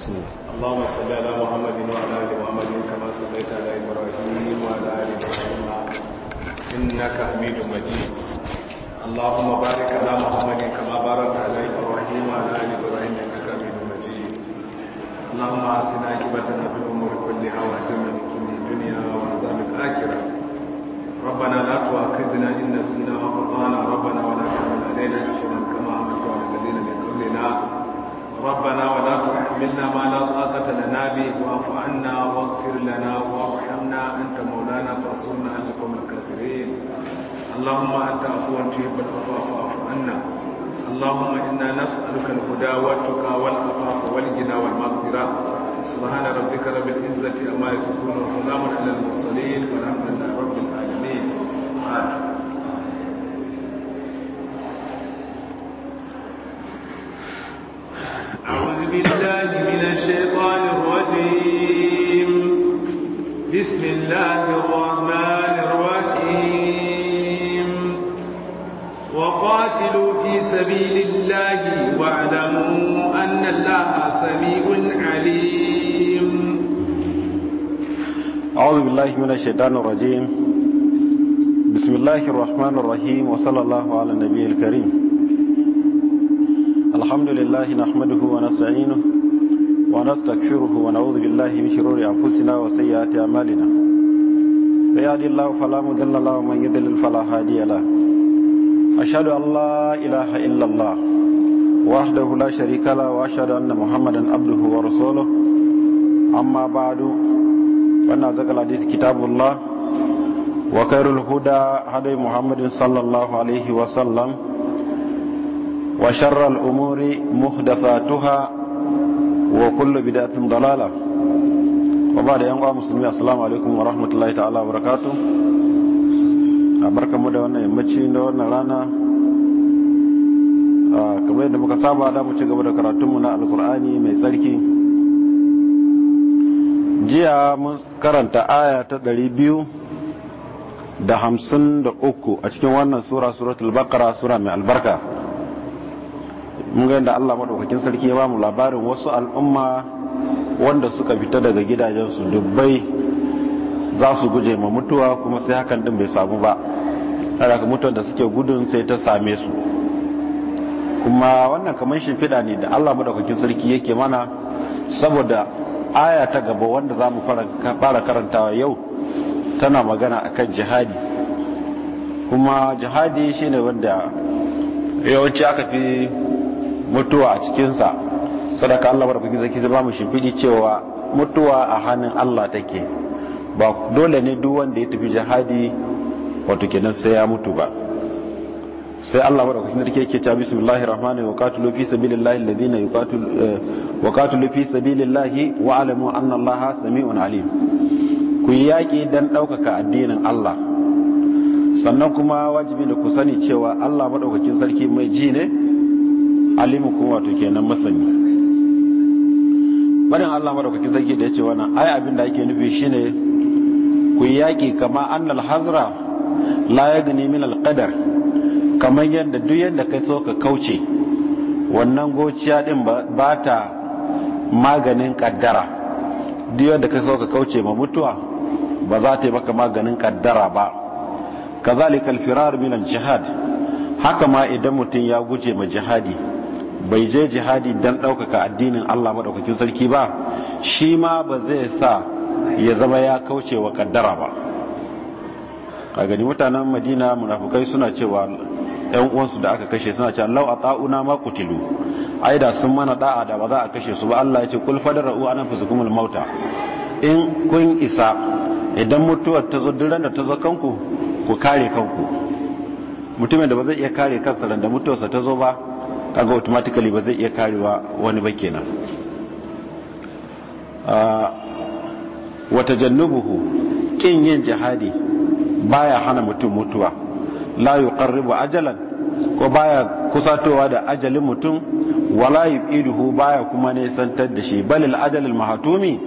sunna Allahumma salli ala Muhammadin wa ala ali Muhammadin kama sallaita ala Ibrahim wa ala ali Ibrahim innaka Hamidum Majid Allahumma barik ala Muhammadin kama barakta ala Ibrahim wa ala ali Ibrahim innaka Hamidum Majid Allahumma asina ajibata nabil umur kulli hawajin min dunya wa azab al ربنا لا تؤاخذنا إن نسينا وأخطأنا ربنا ولا تحمل علينا إصرا كما حملت على الذين من قبلنا ربنا ولا تحملنا ما لا طاقة لنا به واعف عنا واغفر لنا وارحمنا أنت مولانا فانصرنا على القوم الكافرين اللهم أنت عفو تحب العفو فاعف عنا اللهم إنا نسألك الهدى والتقى والعفاف والغنى والمغفرة سبحان ربك رب العزة أما يصفون وسلام على المرسلين والحمد لله رب العالمين آمين أعوذ بالله من الشيطان الرجيم بسم الله الرحمن الرحيم وصلى الله على النبي الكريم الحمد لله نحمده ونستعينه ونستغفره ونعوذ بالله من شرور أنفسنا وسيئات أعمالنا يهدي الله فلا مضل له ومن يضلل فلا هادي له أشهد أن لا إله إلا الله وحده لا شريك له وأشهد أن محمدا عبده ورسوله أما بعد فإن أصدق الحديث كتاب الله وخير الهدى هدي محمد صلى الله عليه وسلم وشر الأمور محدثاتها وكل بدعة ضلالة wa ba da yan uwa musulmi assalamu alaikum wa rahmatullahi ta'ala wa rakatu a mu da wannan yammaci da wannan rana kamar yadda muka saba da mu ci gaba da karatunmu na alkur'ani mai tsarki jiya mun karanta aya ta biyu da hamsin da uku a cikin wannan sura suratul sura mai albarka mun ga yadda Allah maɗaukakin sarki ya ba mu labarin wasu al'umma wanda suka fita daga gidajensu dubbai za su guje ma mutuwa kuma sai hakan din bai samu ba daga mutuwar da suke gudun sai ta same su kuma wannan kamar shimfiɗa ne da allah madaukakin sarki yake mana saboda aya ta gaba wanda za mu fara karantawa yau tana magana akan jihadi kuma jihadi shine wanda yawanci aka fi mutuwa a cikinsa sadaka Allah barkaki zaki zama mu shimfidi cewa mutuwa a hannun Allah take ba dole ne duk wanda ya tafi jihadi wato kenan sai ya mutu ba sai Allah madaukakin zaki yake cewa bismillahir rahmanir rahim qatilu fi sabilillahi alladhina yuqatil eh, wa qatilu fi sabilillahi wa alamu anna Allaha sami'un alim ku yaki dan daukaka addinin Allah sannan kuma wajibi ne ku sani cewa Allah madaukakin sarki mai ji ne alimu kuma wato kenan masani barin Allah madaukakin sarki da ya ce wannan ai abin da ake nufi shine ku yaki kama annal hazra la yagni min alƙadar? kamar yadda duk yadda kai so ka kauce wannan gociya ɗin ba ta maganin ƙaddara. duk yadda kai so ka kauce ma mutuwa ba za ta yi maka maganin ƙaddara ba kazalikal firar min al jihad haka ma idan mutum ya guje ma jihadi bai je jihadi don ɗaukaka addinin Allah maɗaukakin sarki ba shi ma ba zai sa ya zama ya kauce wa kaddara ba a gani mutanen madina munafukai suna cewa yan uwansu da aka kashe suna cewa lau a ta'una ma kutilu ai da sun mana da'a da ba za a kashe su ba Allah ya ce kul ra'u anan fusukumul mauta in kun isa idan mutuwar ta zo duran da ta zo kanku ku kare kanku mutumin da ba zai iya kare kansa da mutuwarsa ta zo ba kaga automatically ba zai iya karewa wani ba kenan wata jannubuhu kin yin jihadi baya hana mutum mutuwa la yuqarribu ajalan ko baya kusatowa da ajalin mutum wala yubiduhu baya kuma ne santar da shi balil ajalul mahatumi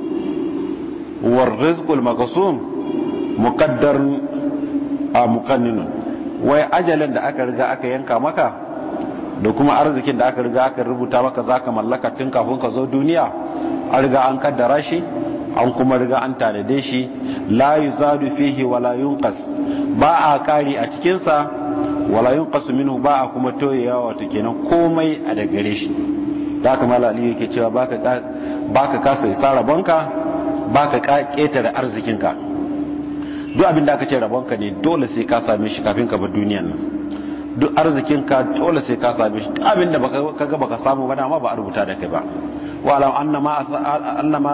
war rizqul maqsum muqaddar a muqanninu wai ajalin da aka riga aka yanka maka da kuma arzikin da aka riga aka rubuta maka zaka mallaka tun kafin ka zo duniya an riga an kaddara shi an kuma riga an tanade shi la yuzadu fihi wala yunqas ba a kari a cikin sa wala yunqas minhu ba a kuma toyewa wato kenan komai a da gare shi da haka mala ali yake cewa baka baka kasa isa rabonka baka ka ketare ka duk abin da aka ce rabonka ne dole sai ka same shi kafin ka bar duniyar nan duk arzikin ka dole sai ka same shi abin da ka kaga baka samu ba dama ba a rubuta da kai ba wa alam annama annama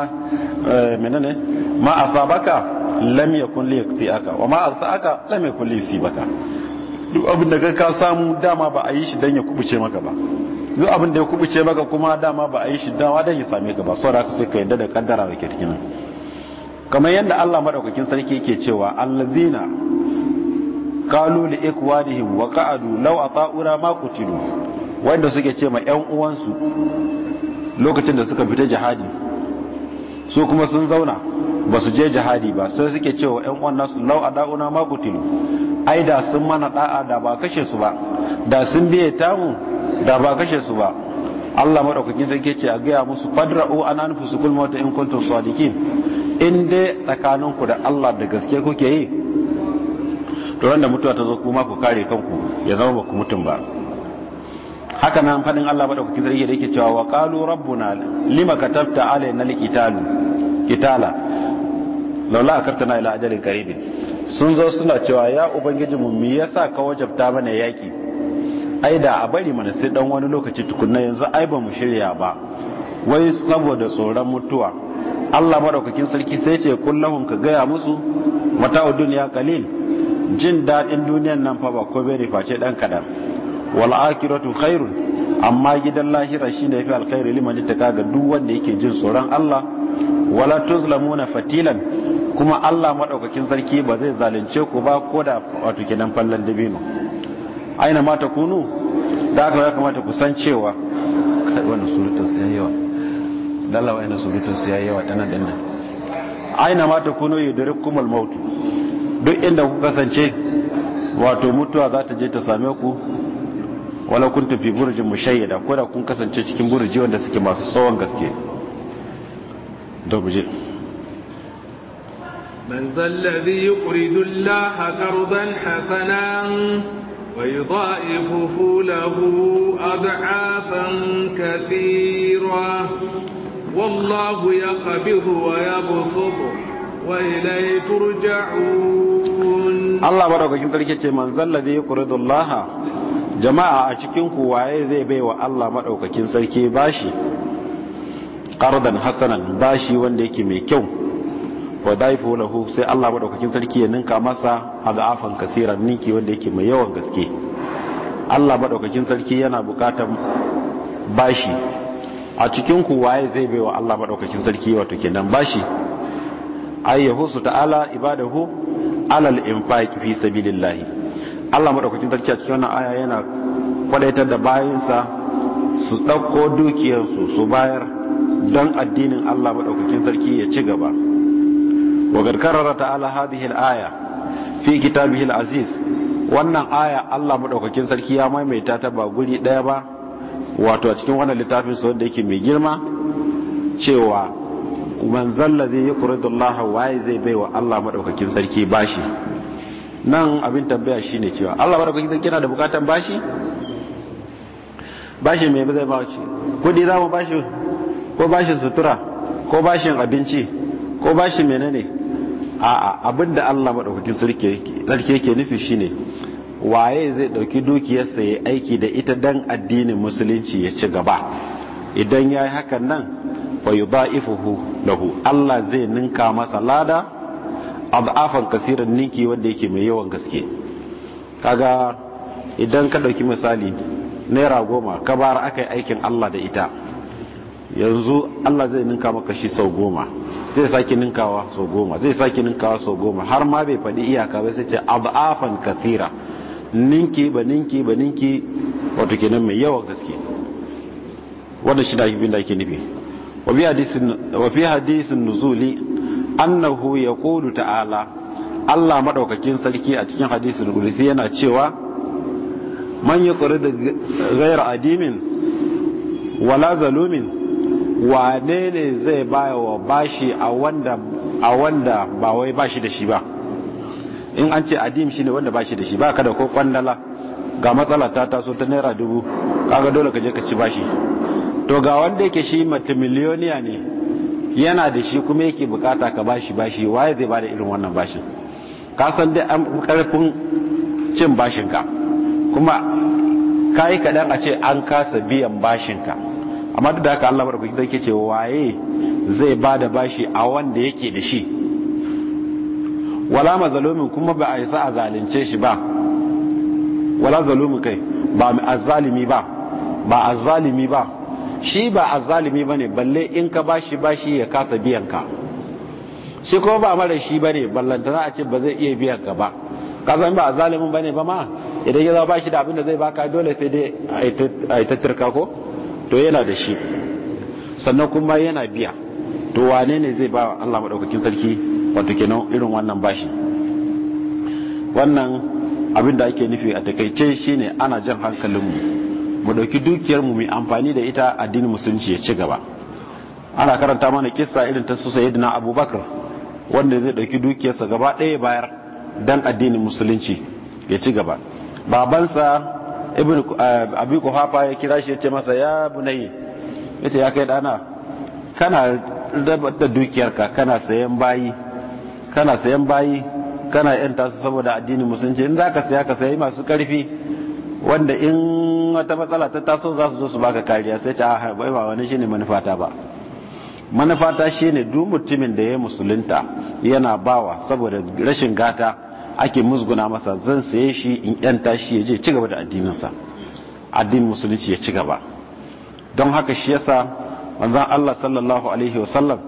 eh, menene ma asabaka lam yakun li yaqtiaka wa ma asaka lam yakun li yusibaka duk abin da ka ka samu dama ba a yi shi dan ya kubuce maka ba duk abin da ya kubuce maka kuma dama ba a yi shi dama dan ya same ka ba saboda haka sai ka yadda da kaddara wake kirkina kamar yadda Allah madaukakin sarki yake cewa allazina qalu li ikwanihim wa qa'adu law ata'una ma qutilu wanda suke ce ma ƴan uwansu lokacin da suka fita jihadi su kuma sun zauna ba su je jihadi ba sai suke cewa ƴan uwan nasu law ata'una ma qutilu ai da sun mana da'a da ba kashe su ba da sun biye tamu da ba kashe su ba Allah madaukakin ke ce a gaya musu fadra'u an anfusukum mauta in kuntum sadiqin in dai tsakaninku da Allah da gaske kuke yi to wanda mutuwa ta zo kuma ku kare kanku ya zama ba ku mutum ba haka nan fadin Allah ba da ku kizar yake cewa wa qalu rabbuna lima katabta alaina alqitalu kitala laula akartana ila ajalin qaribin sun zo suna cewa ya mu me yasa ka wajabta mana yaki ai da a bari mana sai dan wani lokaci tukunna yanzu ai ba mu shirya ba wai saboda tsoron mutuwa Allah madaukakin sarki sai ce kullahum ka gaya musu mata'ud dunya qalil jin daɗin duniyan nan fa ba ko bai face ɗan kadan wal akhiratu khairun amma gidan lahira shine yafi alkhairi liman ittaka ga duk wanda yake jin tsoron Allah wala tuzlamuna fatilan kuma Allah madaukakin sarki ba zai zalunce ku ba ko da wato kenan fallan dabino aina mata kunu, da aka ya kamata ku san cewa wannan surutun sai yawa dalla wa ina surutun sai yawa tana dinnan aina mata kunu yudrikumul mautu duk inda ku kasance wato mutuwa za ta je ta same ku wala kun tafi burjin mushayyada ko da kun kasance cikin burji wanda suke masu tsawon gaske da buje man zalladhi yuridu allaha qardan hasanan wa yudha'ifu lahu ad'afan kathira wallahu yaqbidu wa yabsutu wa ilayhi turja'un Allah madaukakin sarki ce man zallazi yuqridullaha jama'a a cikin ku waye zai baiwa Allah madaukakin sarki bashi qardan hasanan bashi wanda yake mai kyau wa daifu lahu sai Allah madaukakin sarki ya ninka masa azafan kasiran ninki wanda yake mai yawan gaske Allah madaukakin sarki yana bukatar bashi a cikin ku waye zai baiwa Allah madaukakin sarki wato kenan bashi ayyahu ta'ala ibadahu alal infaq fi sabilillah Allah madaukakin sarki a cikin wannan aya yana kwadaitar da bayansa su ɗauko dukiyarsu su bayar don addinin Allah madaukakin sarki ya ci gaba wa garkarara ala hadhihi alaya fi kitabihi alaziz wannan aya Allah madaukakin sarki ya maimaita ta ba guri daya ba wato a cikin wannan littafin sa wanda yake mai girma cewa man zai yi wa waye zai baiwa Allah madaukakin sarki bashi nan abin tambaya shine cewa Allah madaukakin sarki yana da bukatan bashi bashi me zai ba shi kudi za mu bashi ko bashin sutura ko bashin abinci ko bashin menene a abin da Allah madaukakin sarki yake nufi shine waye zai dauki dukiyarsa ya aiki da ita dan addinin musulunci ya ci gaba idan ya yi hakan nan wa yudha'ifuhu lahu Allah zai ninka masa lada adhafan kasiran ninki wanda yake mai yawan gaske kaga idan ka dauki misali naira goma ka bar akai aikin Allah da ita yanzu Allah zai ninka maka shi sau goma zai sake ninkawa sau goma zai sake ninkawa sau goma har ma bai faɗi iyaka ba sai ce adhafan kasira ninki ba ninki ba ninki wato kenan mai yawan gaske wannan shi da ake bin da ake nufi وفي حديث annahu ya kudu ta'ala Allah maɗaukakin sarki a cikin hadisin Qudsi yana cewa man da ghayra adimin wala zalumin wane ne zai baya wa bashi a wanda ba wai bashi da shi ba in an ce adim shine wanda bashi da shi ba kada ko kwandala ga matsala ta taso ta naira dubu kaga dole ka je ka ci bashi to ga wanda yake shi multimiliyoniya ne yana da shi kuma yake bukata ka bashi bashi waye zai bada irin wannan bashin ka san dai an karfin cin bashinka kuma ka yi kaɗan a ce an kasa biyan bashinka amma duk da haka Allah barkwai zai ke ce waye zai ba da bashi a wanda yake da shi wala mazalomin kuma ba a sa a zalunce shi ba wala zalomin kai ba a zalimi ba ba a zalimi ba shi ba a zalimi ba ne balle in ka bashi bashi ya kasa biyan ka shi ko ba mara shi ba ne ballanta za a ce ba zai iya biyan ka ba a san ba ne ba ma idan ya zama bashi da abin da zai baka dole sai dai a yi tattirka ko to yana da shi sannan kuma yana biya to wane ne zai ba Allah maɗaukakin sarki wato kenan irin wannan bashi wannan abin da ake nufi a takaice shine ana jan hankalinmu mu ɗauki dukiyar mu mai amfani da ita addinin musulunci ya ci gaba ana karanta mana kissa irin ta su na abubakar wanda zai ɗauki dukiyarsa gaba ɗaya bayar dan addinin musulunci ya ci gaba babansa ibn eh, abi kuhafa ya kira shi ya ce masa ya bunayi ya ce ya kai dana kana da dukiyarka kana sayan bayi kana sayan bayi kana yanta su saboda addinin musulunci in zaka saya ka sayi masu karfi wanda in wata matsala ta taso za su zo su baka kariya sai ta bai ba wani shine manufata ba manufata shine duk mutumin da ya musulunta yana bawa saboda rashin gata ake musguna masa zan saye shi in yanta shi ya je ci gaba da addininsa addinin musulunci ya ci gaba don haka shi yasa manzon Allah sallallahu alaihi wasallam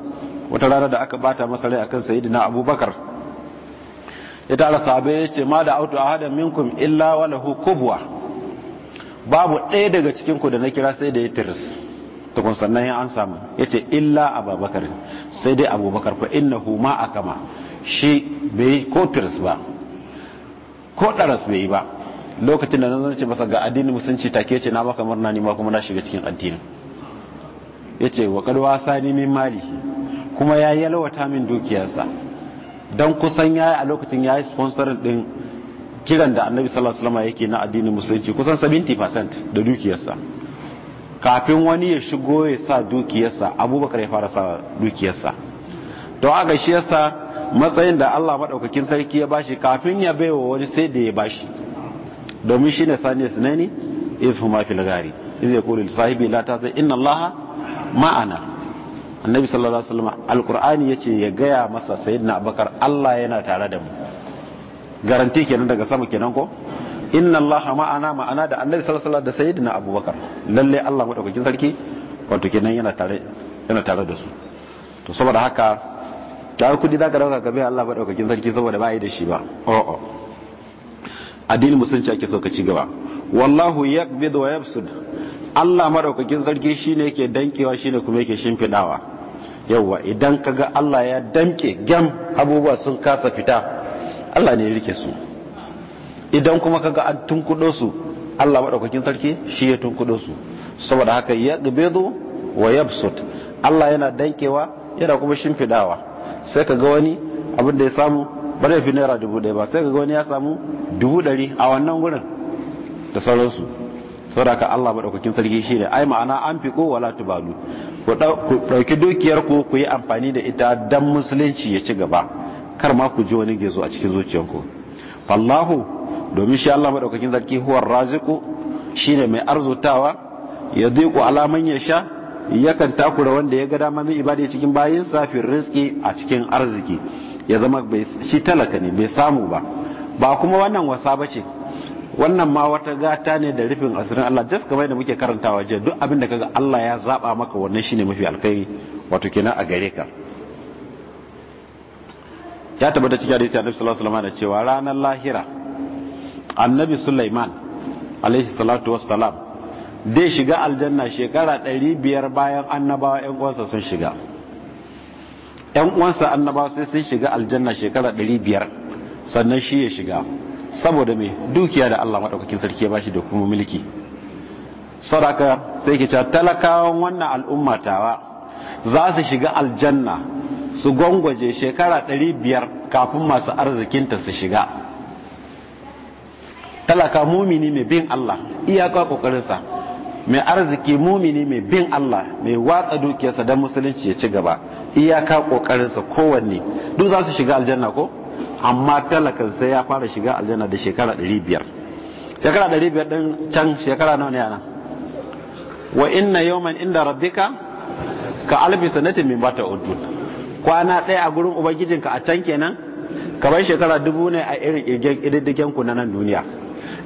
wata rana da aka bata masa rai akan sayyidina Abubakar ya tara sahabbai ya ce ma da autu ahadan minkum illa wa lahu babu ɗaya daga cikin ku da na kira sai da ya tiris kun sannan ya an samu ya ce illa ababakar sai dai abubakar fa inna huma a kama shi bai ko tiris ba ko ɗaras bai yi ba lokacin da na ce masa ga addinin musulunci take ce na maka murna ni ma kuma na shiga cikin addinin ya ce wa kadwa sani min mali kuma ya yalwata min dukiyarsa don kusan ya a lokacin ya yi sponsorin din kiran da annabi sallallahu alaihi yake na addinin musulunci kusan 70% da dukiyarsa kafin wani ya shigo ya sa dukiyarsa abubakar ya fara sa dukiyarsa don aka shi yasa matsayin da Allah maɗaukakin sarki ya bashi kafin ya baiwa wani sai da ya bashi domin shine sani sunani iz huma fil gari iz yaqulu sahibi la ta inna allaha ma'ana annabi sallallahu alaihi wasallam alqur'ani yace ya gaya masa sayyidina abubakar Allah yana tare da mu garanti kenan daga sama kenan ko inna allah ma'ana ma'ana da annabi sallallahu alaihi wasallam da sayyidina abubakar lalle allah madaukakin sarki wato kenan yana tare yana tare da su to saboda haka da kudi ka dauka ka bai allah madaukakin sarki saboda ba yi da shi ba o oh, o oh. addinin musulunci ake so ka ci gaba wallahu yaqbidu wa yabsud allah madaukakin sarki shine yake dankewa shine kuma yake shimfidawa yawa idan kaga allah ya danke gam abubuwa sun kasa fita Allah ne ya rike su idan kuma kaga an tunkudo su Allah madaukakin sarki shi ya tunkudo su saboda haka ya gabezo wa yabsut Allah yana dankewa yana kuma shimfidawa sai kaga wani abin da ya samu ba fi naira dubu ɗaya ba sai kaga wani ya samu dubu ɗari a wannan wurin da sauransu saboda haka Allah madaukakin sarki shi ne ai ma'ana an fi ko wala tubalu ku ɗauki dukiyar ku ku yi amfani da ita dan musulunci ya ci gaba kar ma ku ji wani gizo a cikin zuciyanku fallahu domin shi Allah madaukakin zarki huwar raziku shine mai arzutawa ya diku alaman ya sha yakan takura wanda ya ga dama mai ibada cikin bayin safin rizki a cikin arziki ya zama bai shi talaka ne bai samu ba ba kuma wannan wasa bace wannan ma wata gata ne da rufin asirin Allah just kamar da muke karantawa jiya duk abin da kaga Allah ya zaba maka wannan shine mafi alkai wato kenan a gare ka ya tabbata cikin hadisi annabi sallallahu alaihi wasallam da cewa ranar lahira annabi Sulaiman alaihi salatu wassalam zai shiga aljanna shekara 500 bayan annabawa ƴan uwansa sun shiga ƴan uwansa annabawa sai sun shiga aljanna shekara 500 sannan shi ya shiga saboda me dukiya da Allah madaukakin sarki ya bashi da kuma mulki sadaka sai ke talakawan wannan al'ummatawa za su shiga aljanna su gwangwaje shekara 500 kafin masu arzikinta su shiga talaka mumini mai bin Allah iyaka kokarinsa mai arziki mumini mai bin Allah mai watsa dukiyarsa don musulunci ya ci gaba iyaka kokarinsa kowanne duk za su shiga aljanna ko amma talakan sai ya fara shiga aljanna da shekara 500 shekara 500 din can shekara nawa ne ana wa inna yawman inda rabbika ka albisa sanatin min bata udud kwana ɗaya a gurin ubangijinka a can kenan bai shekara dubu ne a irin ƙididdigen ku na nan duniya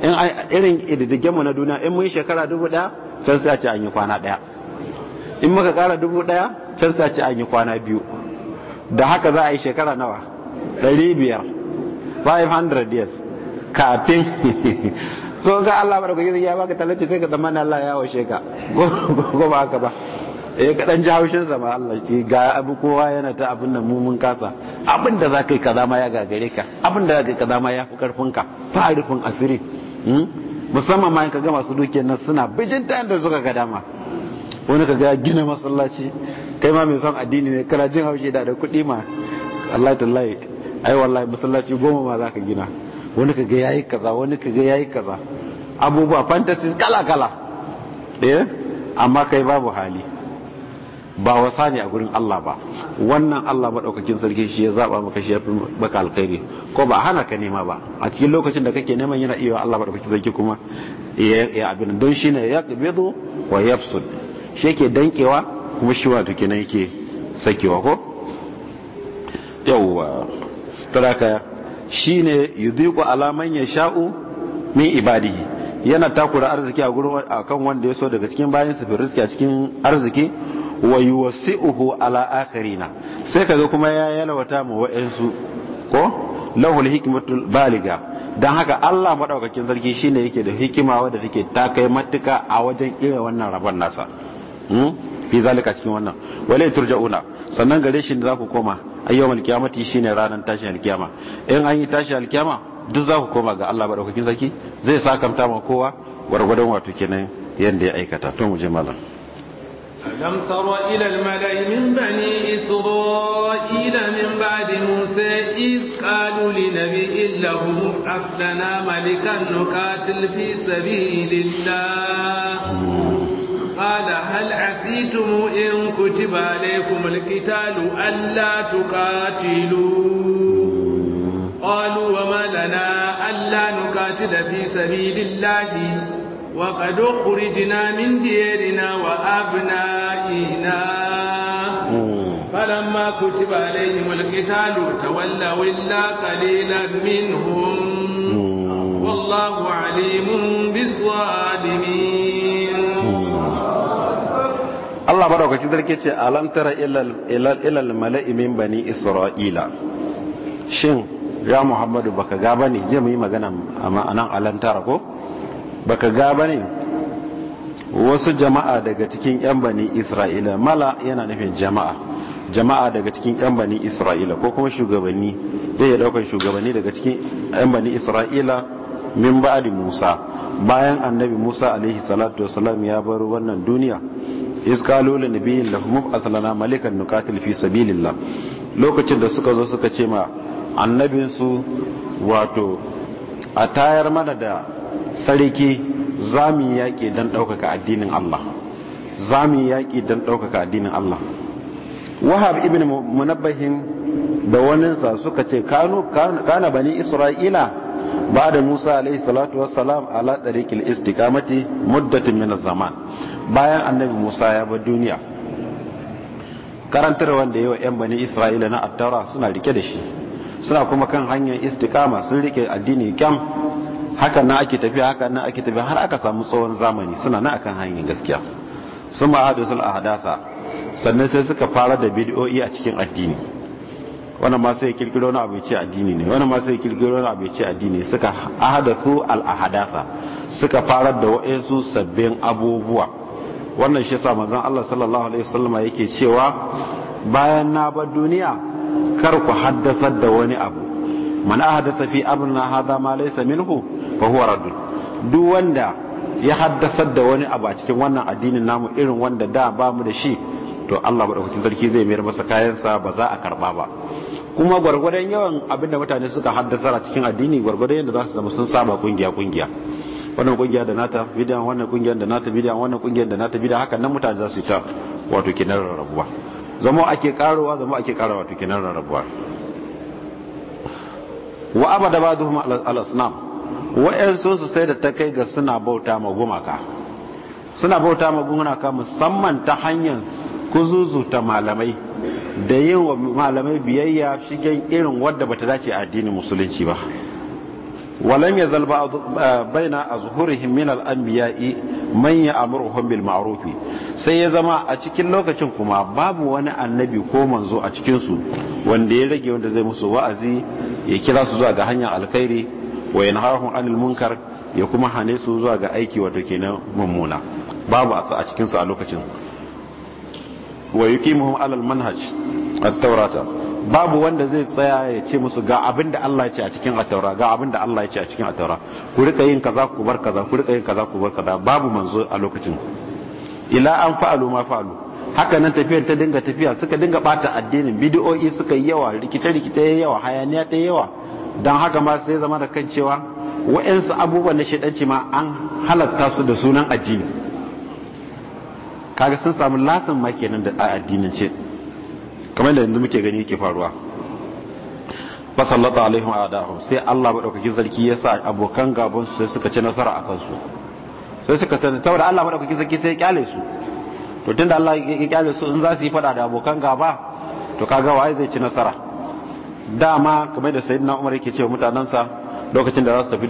in irin ƙididdigen mu na duniya in mun shekara dubu ɗaya can sai a ce an yi kwana ɗaya in muka ƙara dubu ɗaya can sai a ce an yi kwana biyu da haka za a yi shekara nawa ɗari biyar 500 years kafin so ga Allah madaukaki ya baka talacci sai ka zama Allah ya washe ka ko ba haka ba ya eh, kadan ji haushin zama Allah ce ga abu kowa yana ta abin da mu mun kasa abin da ka yi kaza ma ya gagare ka abin da ka yi kaza ma ya fi karfin ka fa rufin asiri hmm? musamman ma ka ga masu dukiyar nan suna bijin ta yadda suka ga dama wani ka ga gina masallaci kai ma mai son addini ne kana jin haushi da da kuɗi ma Allah ta lai ai wallahi masallaci goma ma ka gina wani ka ga yayi kaza wani ka ga yayi kaza abubuwa fantasy kala kala eh amma kai babu hali ba wasa ne a gurin Allah ba wannan Allah maɗaukakin sarki shi ya zaba maka shi ya fi baka alkhairi ko ba hana ka nema ba a cikin lokacin da kake neman yana iya Allah maɗaukakin sarki kuma ya abin don shi ne ya ƙabedo wa yafsud shi yake dankewa kuma shi wato kenan yake sakewa ko yawwa to shi ne shine yudhiqu ala man yasha'u min ibadihi yana takura arziki a gurin akan wanda ya so daga cikin bayan su riski a cikin arziki wa yuwasi'uhu ala akharina sai kaga kuma ya yalwata mu wa'ansu ko lahul hikmatul baliga dan haka Allah madaukakin sarki shine yake da hikima wadda take ta kai matuka a wajen irin wannan rabon nasa hmm? fi zalika cikin wannan wale turja'una sannan gare shi za ku koma ayyawal kiyamati shine ranar tashin alkiyama in an yi tashin alkiyama duk za ku koma ga Allah ba daukakin sarki zai saka mata ma kowa gargadon wato kenan yanda ya aikata to mu je malam lam tara ila al malai min bani isra'ila min ba'di musa iz qalu li nabi illahu aslana malikan nuqatil fi sabilillah ala hal asitum in kutiba alaykum al qitalu alla tuqatilu قاتل في سبيل الله وقد أخرجنا من ديارنا وأبنائنا فلما كتب عليهم القتال تولوا إلا قليلا منهم والله عليم بالظالمين Allah madaukakin sarki ce ترى tara ilal mala'i من بني Isra'ila شنو ya muhammadu baka ga ne je yi magana a nan alantara ko baka ga bane wasu jama'a daga cikin yan bani isra'ila mala yana nufin jama'a jama'a daga cikin yan bani isra'ila ko kuma shugabanni zai ya daukar shugabanni daga cikin yan bani isra'ila min ba'di musa bayan annabi musa alaihi salatu wasalam ya bar wannan duniya iskalu li nabiyyin lahum asalana malikan nukatil fi sabilillah lokacin da suka zo suka ce ma annabinsu wato a tayar mana da sarki za mu yaƙi don ɗaukaka addinin Allah za mu yaƙi don ɗaukaka addinin Allah wahab ibn munabbahin da waninsa suka ce kana bani isra'ila ba da musa alaihi salatu wassalam ala ɗariƙil istikamati muddatin min zaman bayan annabi musa ya bar duniya karantar wanda yawa 'yan bani isra'ila na attara suna rike da shi suna kuma kan hanyar istikama sun rike addini kyam haka na ake tafiya haka na ake tafiya har aka samu tsohon zamani suna na akan hanyar gaskiya sun ma'adu sun ahadatha sannan sai suka fara da bidiyoyi a cikin addini wannan ma sai kirkiro na abu ce addini ne wannan ma sai kirkiro na abu ce addini suka ahadathu al ahadatha suka fara da wa'ensu sabbin abubuwa wannan shi yasa manzon Allah sallallahu alaihi wasallama yake cewa bayan na bar duniya kar ku haddasar da wani abu man ahdasa fi amrina hadha ma laysa minhu fa huwa radd duk wanda ya haddasar da wani abu a cikin wannan addinin namu irin wanda da ba mu da shi to Allah madaukakin sarki zai mayar masa kayansa ba za a karba ba kuma gwargwadon yawan abin da mutane suka haddasa a cikin addini gwargwadon yadda za su zama sun saba kungiya kungiya wannan kungiya da nata bidiyan wannan kungiyar da nata bidiyan wannan kungiyar da nata bidiyan haka nan mutane za su yi ta wato kinar rabuwa zama ake karowa zama ake karowa to nan rarrabuwa wa abada ba duhu al'asunan wa'ansu su sai da ta kai ga suna bauta ma gumaka suna bauta ma gumaka musamman ta hanyar kuzuzuta malamai da yin wa malamai biyayya shigen irin wadda bata dace a addinin musulunci ba ولم يزل بين أظهرهم من الأنبياء من يأمرهم بالمعروف sai ya zama a cikin lokacin kuma babu wani annabi ko manzo a cikinsu wanda ya rage wanda zai musu wa'azi ya kira su zuwa ga hanyar alkhairi wa yanharahum anil munkar ya kuma hane su zuwa ga aiki wato kenan mummuna babu a cikinsu a lokacin wa yuqimuhum alal manhaj at-taurata babu wanda zai tsaya ya ce musu ga abin da Allah ce a cikin ataura ga abin da Allah ce a cikin ataura ku rika yin kaza ku bar kaza ku rika yin kaza ku bar kaza babu manzo a lokacin ila an fa'alu ma fa'alu haka nan tafiyar ta dinga tafiya suka dinga bata addinin bid'o'i suka yi yawa rikice rikice yayi yawa hayaniya ta yawa dan haka ma sai zama da kan cewa wa'ansu abubuwan na shedanci ma an halatta su da sunan addini kaga sun samu lasin ma kenan da addinin ce kamar da yanzu muke gani yake faruwa fasallata alaihim adahu sai Allah madaukakin sarki ya sa abokan gaban su sai suka ci nasara a kansu sai suka tana tawada Allah madaukakin zarki sai ya kyale su to tunda Allah ya kyale su in za su yi fada da abokan gaba to kaga wai zai ci nasara dama kamar da sayyidina Umar yake cewa mutanansa lokacin da za su tafi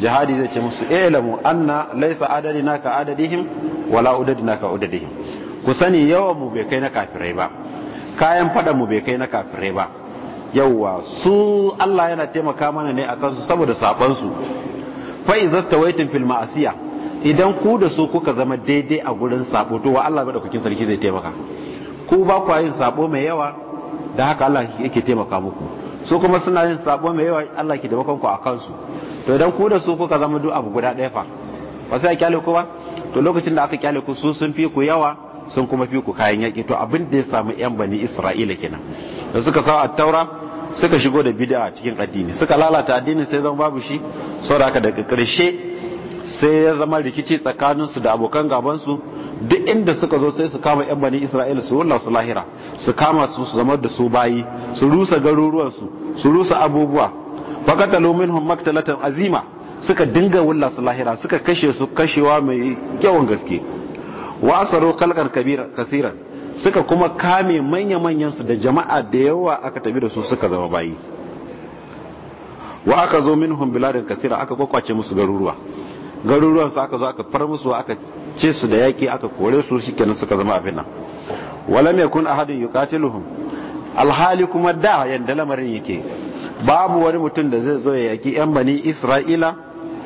jihadi zai ce musu ilamu anna laysa adadina ka adadihim wala udadina ka udadihim ku sani yawan mu bai kai na kafirai ba kayan fadan mu bai kai na kafire ba yawwa su Allah yana taimaka mana ne akan su saboda saban su fa idza tawaitum fil ma'asiya idan ku da su kuka zama daidai a gurin sabo to wa Allah madaukakin sarki zai taimaka ku ba ku yin sabo mai yawa da haka Allah yake taimaka muku su kuma suna yin sabo mai yawa Allah ke taimakon ku akan su to idan ku da su kuka zama duk abu guda ɗaya fa ba sai kyale ku ba to lokacin da aka kyale ku su sun fi ku yawa sun kuma fi ku kayan yaƙi to abin da ya samu yan bani isra'ila kenan da suka sa taura suka shigo da bid'a cikin addini suka lalata addini sai zama babu shi sau da aka daga ƙarshe sai ya zama rikici tsakaninsu da abokan gabansu duk inda suka zo sai su kama 'yan bani isra'ila su wulla su lahira su kama su su zama da su bayi su rusa garuruwansu su rusa abubuwa fakata lomin maktalatan azima suka dinga wulla su lahira suka kashe su kashewa mai kyawun gaske wa asaru kabira kasiran suka kuma kame manya-manyan su da jama'a da yawa aka tabi da su suka zama bayi wa aka zo minhum biladin kasira aka kwakwace musu garuruwa garuruwan su aka zo aka far musu aka ce su da yaki aka kore su shikenan suka zama abin nan me kun ahadin yuqatiluhum alhali kuma da yanda lamarin yake babu wani mutum da zai zo ya yaki yan bani isra'ila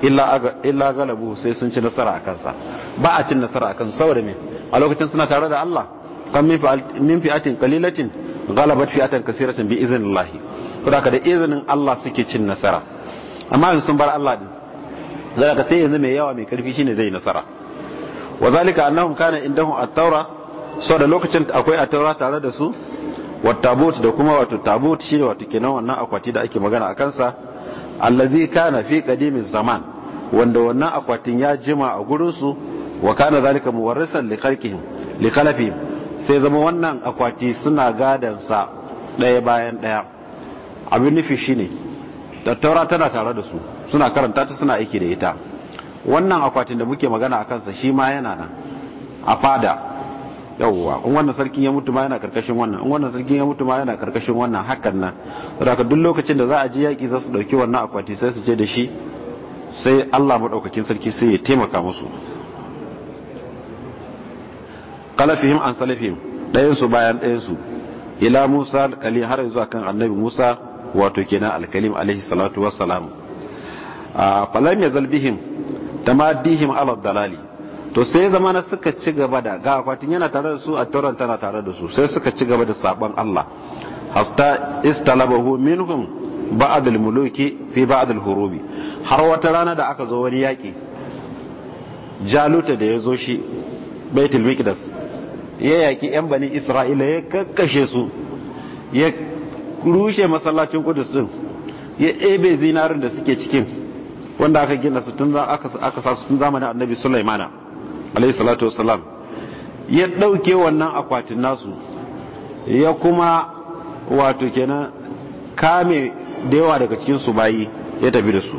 illa galabu sai sun ci nasara a kansa ba a cin nasara a kansu saboda me a lokacin suna tare da Allah kan min fi'atin qalilatin galabat fi'atan kaseeratin bi iznillah saboda ka da izinin Allah suke cin nasara amma yanzu sun bar Allah din zaka ka sai yanzu mai yawa mai karfi shine zai nasara wa zalika annahum kana indahu at-taura saboda lokacin akwai at-taura tare da su wa tabut da kuma wato tabut shine wato kenan wannan akwati da ake magana a kansa allazi kana fi qadimin zaman wanda wannan akwatin ya jima a gurinsu su wa kana zalika muwarrisan li liqalafihim sai zama wannan akwati suna gadan sa daya bayan daya abin nufi shine tattaura tana tare da su suna karanta ta suna aiki da ita wannan akwatin da muke magana a kansa shi ma yana nan a fada yawwa in wannan sarkin ya mutu ma yana karkashin wannan in wannan sarkin ya mutu ma yana karkashin wannan hakan nan saboda duk lokacin da za a je yaki za su dauki wannan akwati sai su je da shi sai Allah madaukakin sarki sai ya taimaka musu qala fihim an salafihim dayan su bayan dayan su ila Musa kali har zuwa kan annabi Musa wato kenan alkalim alaihi salatu wassalam falam yazal bihim tamadihim ala dalali to sai zama na suka ci gaba da ga akwatin yana tare da su a tauran tana tare da su sai suka ci gaba da sabon Allah hasta istalabahu minhum ba'd al-muluki fi ba'd al-hurubi har wata rana da aka zo wani yaki jaluta da ya zo shi baitul miqdas ya yaki yan bani isra'ila ya kakkashe su ya rushe masallacin kudus din ya ebe zinarin da suke cikin wanda aka gina su tun aka sa su tun zamanin annabi sulaimana alaihi salatu salam ya ɗauke wannan akwatin nasu ya kuma wato kenan kame da yawa daga cikin su bayi ya tafi da su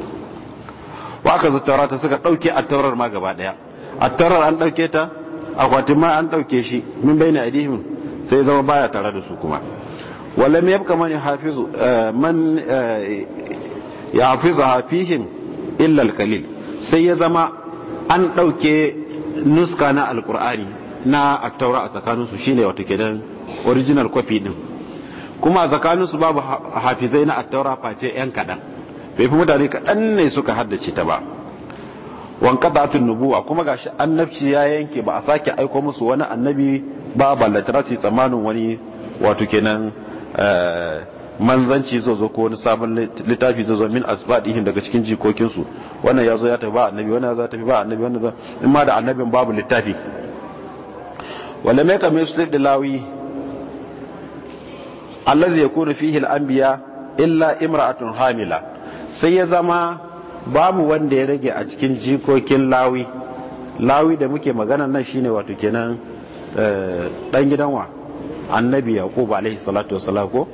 wa aka zattara ta suka ɗauke a taurar ma gaba ɗaya a an ɗauke ta akwatin ma an ɗauke shi min bai na adihim sai zama baya tare da su kuma wala mai yabka man hafizu eh, man eh, ya hafizu hafihim illa sai ya zama an ɗauke nuska na alkur'ani na attaura a tsakaninsu shine wato kenan original copy din kuma a tsakaninsu babu hafizai na attaura face yan kaɗan bai fi mutane kaɗan ne suka haddace ta ba wanka zafin nubuwa kuma ga shi annabci ya yanke ba a sake aiko musu wani annabi ba ballatarasi tsammanin wani wato kenan eh, manzanci zo zo ko wani sabon littafi zo zo min asbadihim daga cikin jikokin su wannan ya zo ya tafi ba annabi wannan ya zo ya tafi ba annabi wannan zo in ma da annabin babu littafi wala mai kamar yusuf da lawi allazi yakunu fihi al-anbiya illa imra'atun hamila sai ya zama babu wanda ya rage a cikin jikokin lawi lawi da muke magana nan shine wato kenan eh, dan gidan wa annabi yaqub alaihi salatu wassalam ko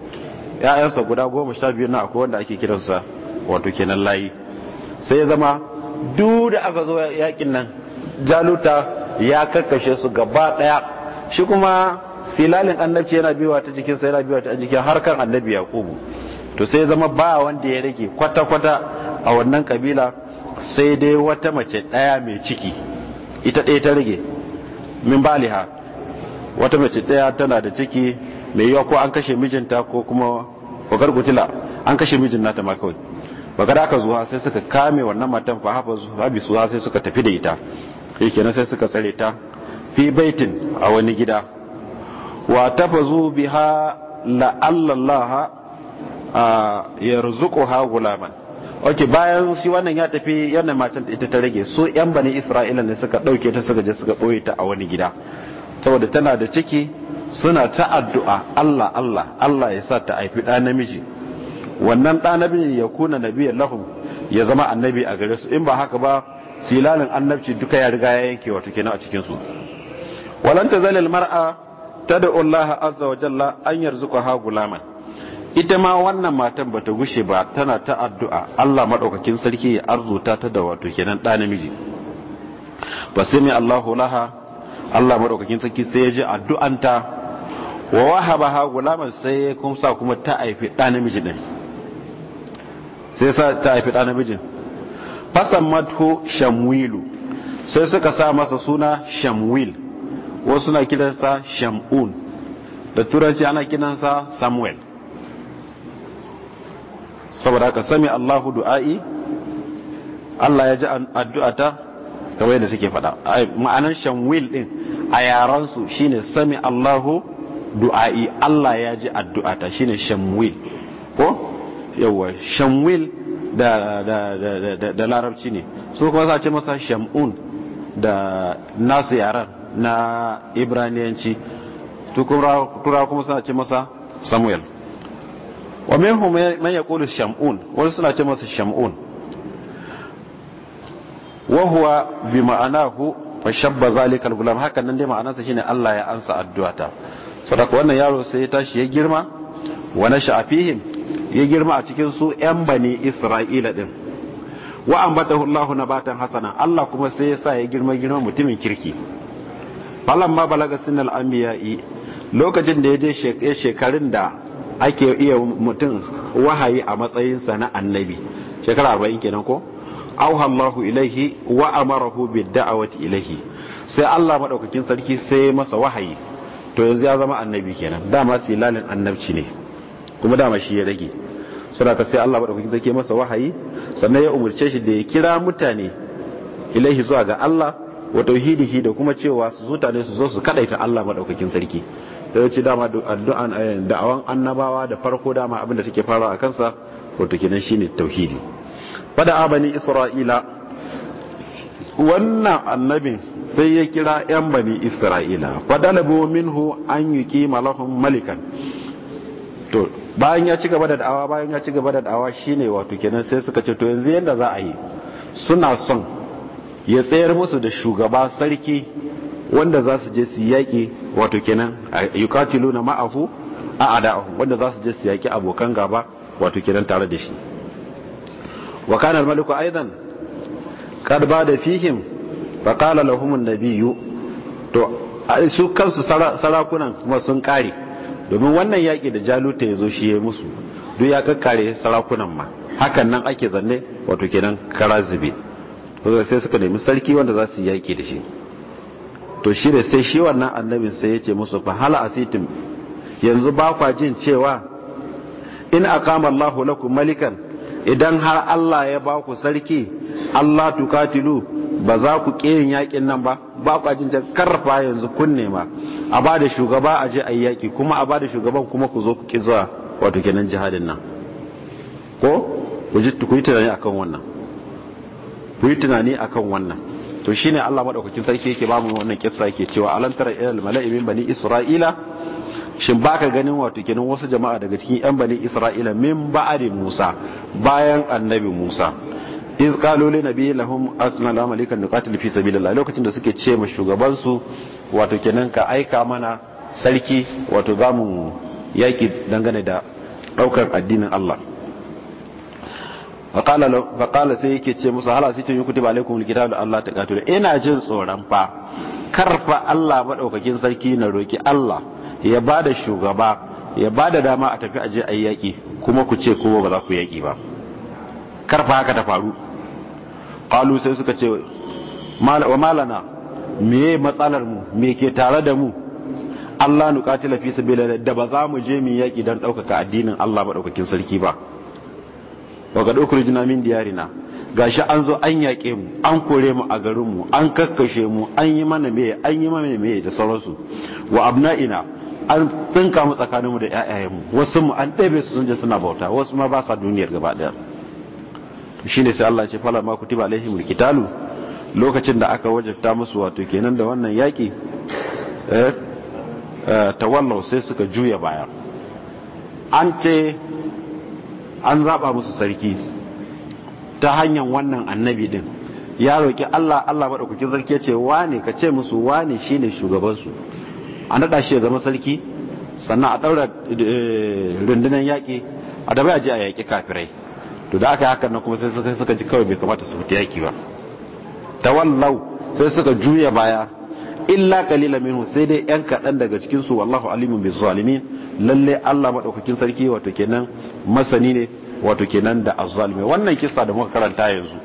‘ya'yansa guda goma sha biyu na akwai wanda ake kiransa wato kenan layi sai ya zama duk da aka zo yakin nan jaluta ya karkashe su gaba ɗaya shi kuma silalin annabci yana biyuwa ta jikinsa yana biyuwa ta jikin harkar annabi yakubu to sai ya zama ba wanda ya rage kwata-kwata a wannan kabila sai dai wata mace ɗaya mai ciki ita ɗaya ta rage min baliha wata mace ɗaya tana da ciki mai yiwa ko an kashe mijinta ko kuma bakar kutila an kashe mijin nata ma kawai bakar aka zuwa sai suka kame wannan matan fa su babi su sai suka tafi da ita shikenan sai suka tsare ta fi baitin a wani gida wa tafazu biha la'allallaha ha gulaman ok bayan shi wannan ya tafi yana matan ita ta rage so yan bani isra'ila ne suka dauke ta suka je suka boye ta a wani gida saboda tana da ciki suna ta addu'a Allah Allah Allah ya sa ta haifi ɗa namiji wannan ɗa namiji ya kuna nabiyan lahum ya zama annabi a gare su in ba haka ba silalin annabci duka ya riga ya yanke wato kenan a cikin su walan mar'a da Allah azza wa jalla an hagu laman ita ma wannan matan bata gushe ba tana ta addu'a Allah madaukakin sarki ya arzuta ta da wato kenan ɗa namiji ba sai mai Allahu laha Allah madaukakin sarki sai ya ji addu'anta wa wahaba ha gulaman sai kuma sa kuma ta haifi ɗa namiji ɗin sai sa ta haifi ɗa namijin fasan matu shamwilu sai suka sa masa suna shamwil wasu na kiransa shamun da turanci ana kiransa samuel saboda ka sami allahu du'a'i allah ya ji addu'ata kamar yadda take faɗa ma'anar shamwil ɗin a yaransu shine sami allahu du'a'i Allah ya ji addu'ata shine shamwil ko yawa shamwil da da da da larabci ne so kuma za ce masa shamun da nasu yaran na ibraniyanci tukura kuma suna ce masa samuel wa minhum man yaqulu shamun wani suna ce masa shamun wa bi ma'anahu fa shabba zalika al-gulam hakan nan dai ma'anarsa shine Allah ya ansa addu'ata sadaka wannan yaro sai ya tashi ya girma wa nasha ya girma a cikin su yan bani isra'ila din wa ambatahu allah nabatan hasana allah kuma sai ya sa ya girma girma mutumin kirki ma balaga sinnal anbiya'i lokacin da ya je shekarun da ake iya mutum wahayi a matsayin sa na annabi shekara arba'in kenan ko auha Allahu ilaihi wa amarahu bid da'awati ilaihi sai Allah madaukakin sarki sai masa wahayi to yanzu ya zama annabi kenan dama su yi lalin annabci ne kuma dama shi ya rage suna sai Allah madaukakin take masa wahayi sannan ya umarce shi da ya kira mutane ilaihi zuwa ga Allah wa tauhidihi da kuma cewa su ne su zo su kadaita Allah maɗaukakin sarki yi ci dama addu'an eh, da'awan annabawa da farko dama abin da take fara a kansa wato kenan shine tauhidi fada abani isra'ila wannan annabin sai ya kira 'yan bani isra'ila fadalabu minhu an yi kima lahun malikan to bayan ya ci gaba da da'awa bayan ya ci gaba da da'awa shine wato kenan sai suka ce to yanzu yadda za a yi suna son ya tsayar musu da shugaba sarki wanda za su je su yaƙi wato kenan yukatilu na ma'afu a ada'ahu wanda za su je su yaƙi abokan gaba wato kenan tare da shi wa kana maliku aidan ba da fihim fa qala lahum an to su kansu sarakunan kuma sun kare domin wannan yaki da jaluta yazo shi ya musu duk ya kakkare sarakunan ma hakan nan ake zanne wato kenan to sai suka nemi sarki wanda za su yaki da shi to shi da sai shi wannan annabin sai ya ce musu fa hala asitim yanzu ba kwa jin cewa in aqama Allahu lakum malikan idan har Allah ya ba ku sarki Allah tukatilu ba za ku kirin yakin nan ba ba ku ajin karfa yanzu kunne ma a ba da shugaba a je a yi yaki kuma a ba da shugaban kuma ku zo ku ki zuwa wato kenan jihadin nan ko ku ji ku yi tunani akan wannan ku yi tunani akan wannan to shine Allah madaukakin sarki yake ba mu wannan kissa yake cewa alantara ilal mala'i bani isra'ila shin baka ganin wato kenan wasu jama'a daga cikin yan bani isra'ila min ba'ari musa bayan annabi musa iz qalu li nabiyyi lahum asna la malikan nuqatil fi sabilillah lokacin da suke ce ma shugaban su wato kenan ka aika mana sarki wato zamu yaki dangane da daukar addinin Allah fa qala sai yake ce musu hala sai tun yukuti alaikum alkitab da Allah ta kato ina jin tsoron fa karfa Allah madaukakin sarki na roki Allah ya bada shugaba ya bada dama a tafi aje yi yaki kuma ku ce kowa ba za ku yaki ba karfa haka ta faru qalu sai suka ce wa malana meye matsalar mu me ke tare da mu Allah lafi su bela da ba za mu je mu yaƙi don ɗaukaka addinin Allah maɗaukakin sarki ba wa ga jina min diyarina gashi an zo an yaƙe mu an kore mu a garin mu an kakkashe mu an yi mana meye an yi mana meye da sauransu wa abna'ina an tsinka mu tsakaninmu da ƴaƴayen wasu mu an ɗebe su sun je suna bauta wasu ma ba sa duniyar gaba ɗaya shine sai Allah ce fala ma kutiba alaihimul qitalu lokacin da aka wajabta musu wato kenan da wannan yaki eh, eh, tawallu sai suka juya baya an ce an zaba musu sarki ta hanyar wannan annabi din ya roki Allah Allah madaukakin sarki ya ce wane ka ce musu wane shine shugaban su an daɗa shi ya zama sarki sannan a daura eh, rundunar yaki a da bai a je a yaki kafirai to da aka haka nan kuma sai suka suka ji kawai bai kamata su fita yaki ba tawallau sai suka juya baya illa qalila minhu sai dai yan kadan daga cikin su wallahu alimun biz zalimin lalle Allah madaukakin sarki wato kenan masani ne wato kenan da azzalimi wannan kissa da muka karanta yanzu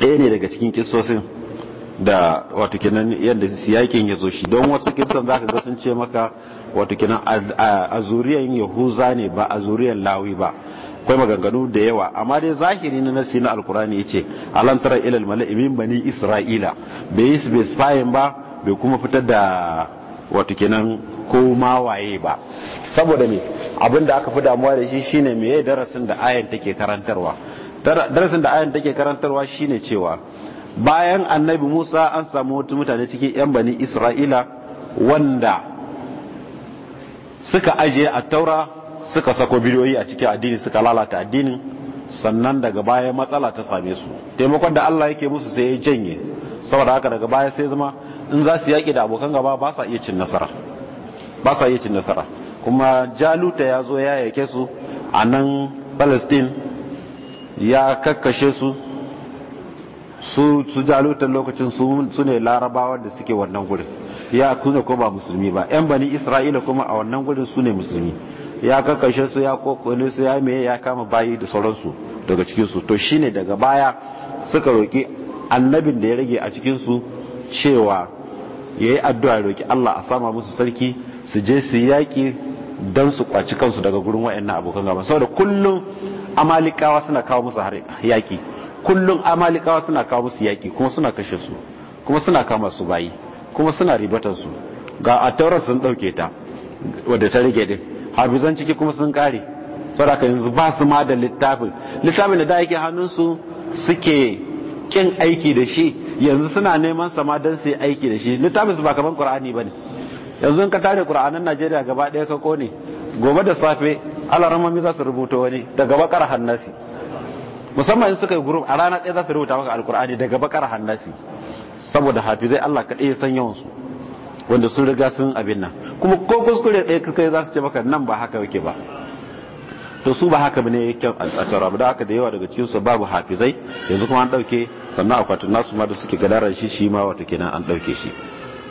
ɗaya ne daga cikin kissosin da wato kenan yadda siyakin ya zo shi don wasu kissan zaka ga sun ce maka wato kenan a zuriyar yahuza ne ba a zuriyan lawi ba akwai maganganu da yawa amma dai zahiri na nasi na alkurani yace ce alantara ilal mala'i min bani isra'ila bai yi bai fayin ba bai kuma fitar da wato kenan ko mawaye ba saboda me abin da aka fi damuwa da shi shine me darasin da ayan take karantarwa darasin da ayan take karantarwa shine cewa bayan annabi Musa an samu mutane cikin yan bani Isra'ila wanda suka ajiye a taura suka sako bidiyoyi a cikin addini suka lalata addinin sannan daga baya matsala ta same su taimakon da Allah yake musu sai ya janye saboda haka daga baya sai zama in za su yaƙi da abokan gaba ba sa iya cin nasara ba sa iya cin nasara kuma jaluta ya zo ya yake su a nan palestine ya kakkashe su su su lokacin su ne larabawa da suke wannan gurin ya kuna ko ba musulmi ba yan bani isra'ila kuma a wannan gurin su ne musulmi ya kakashe su ya kokone su ya meye ya kama bayi da sauransu daga cikinsu to shine daga baya suka roƙi annabin da ya rage a cikinsu cewa ya yi addu'a roƙi Allah a sama musu sarki su je su yaƙi don su kwaci kansu daga gurin wa'annan abokan gaba saboda kullum amalikawa suna kawo musu yaƙi kullum amalikawa suna kawo musu yaƙi kuma suna kashe su kuma suna kama su bayi kuma suna ribatar ga a taurar sun ɗauke ta wadda ta rage din a hafizan ciki kuma sun kare saboda yanzu ba su ma da littafin littafin da da yake hannunsu suke kin aiki da shi yanzu suna neman sama don su yi aiki da shi littafin su ba kaman qur'ani bane yanzu in ka tare qur'anan Najeriya gaba ɗaya ka kone gobe da safe alaramami za su rubuta wani daga bakar hannasi musamman in suka yi group a rana ɗaya za su rubuta maka alkur'ani daga bakar hannasi saboda hafizai Allah kaɗai ya san yawansu wanda sun riga sun abin nan kuma ko kuskure ɗaya ka kai za su ce maka nan ba haka yake ba to su ba haka bane yake a tarabu da aka da yawa daga cikin su babu hafizai yanzu kuma an dauke sannan akwatin nasu ma da suke gadaran shi shi ma wato kenan an dauke shi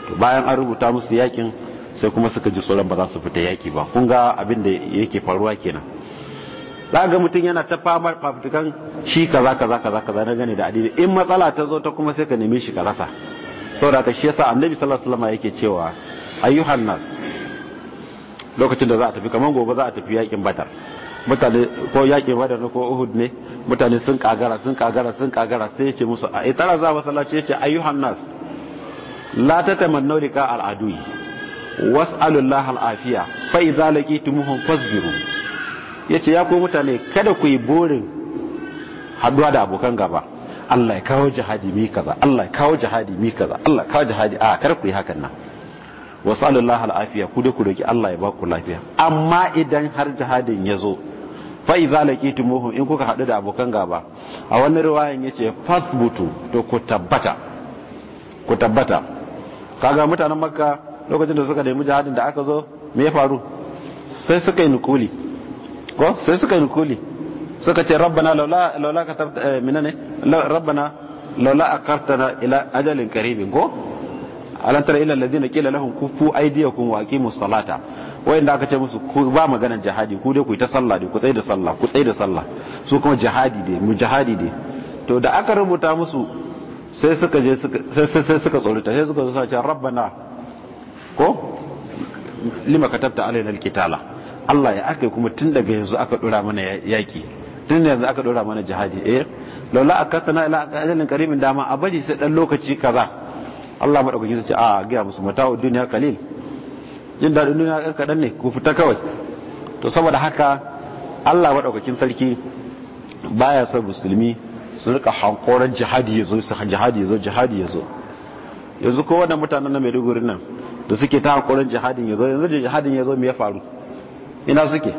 to bayan an rubuta musu yakin sai kuma suka ji tsoron ba za su fita yaki ba kun ga abin da yake faruwa kenan za ga mutum yana ta famar fafutukan shi kaza kaza kaza kaza na gane da adini in matsala ta zo ta kuma sai ka neme shi ka rasa saboda ka shi yasa annabi sallallahu alaihi wasallam yake cewa ayyuhan nas lokacin da za a tafi kamar gobe za a tafi yakin badar mutane ko yakin badar ko uhud ne mutane sun kagara sun kagara sun kagara sai yace musu a itara za masallaci yace ayyuhan nas la tatamannu liqa al adui was'alu allah al afiya fa idza laqitumuhum fasbiru yace ya ko mutane kada ku yi borin haduwa da abokan gaba Allah ya kawo jihadi mi kaza Allah ya kawo jihadi mi kaza Allah ya kawo jihadi a kar ku yi hakan nan wasu alallah al'afiya ku da ku roki Allah ya baku lafiya amma idan har jihadin ya zo fa idza laqitumuhum in kuka haɗu da abokan gaba a wannan riwayan ce fasbutu to ku tabbata ku tabbata kaga mutanen makka lokacin da suka nemi jihadin da aka zo me ya faru sai suka yi nukuli ko sai suka yi nukuli suka ce rabbana laula laula katabta eh, minane rabbana laula akartana ila ajalin karibin ko alam tara ila alladhina qila lahum kufu aydiyakum wa aqimus salata wayanda aka ce musu ku ba maganar jihadi ku dai ku yi ta sallah dai ku tsaye da sallah ku tsaye da sallah su kuma jihadi dai mu jihadi dai to da aka rubuta musu sai suka je suka sai suka tsorata sai suka zo sa ce rabbana ko lima katabta alaina alqitala Allah ya aka kuma tun daga yanzu aka dora mana yaki tun yanzu aka dora mana jihadi eh laula akatana ila ajalin karimin dama a bari sai dan lokaci kaza Allah madaukakin sai ce a ga musu mata'u duniya kalil jin daɗin duniya ɗan kaɗan ne ku fita kawai to saboda haka Allah maɗaukakin sarki baya sa musulmi su rika hankoran jihadi ya zo jihadi ya zo jihadi ya zo yanzu ko wannan mutanen na maiduguri nan da suke ta hankoran jihadin ya zo yanzu jihadin ya zo me ya faru ina suke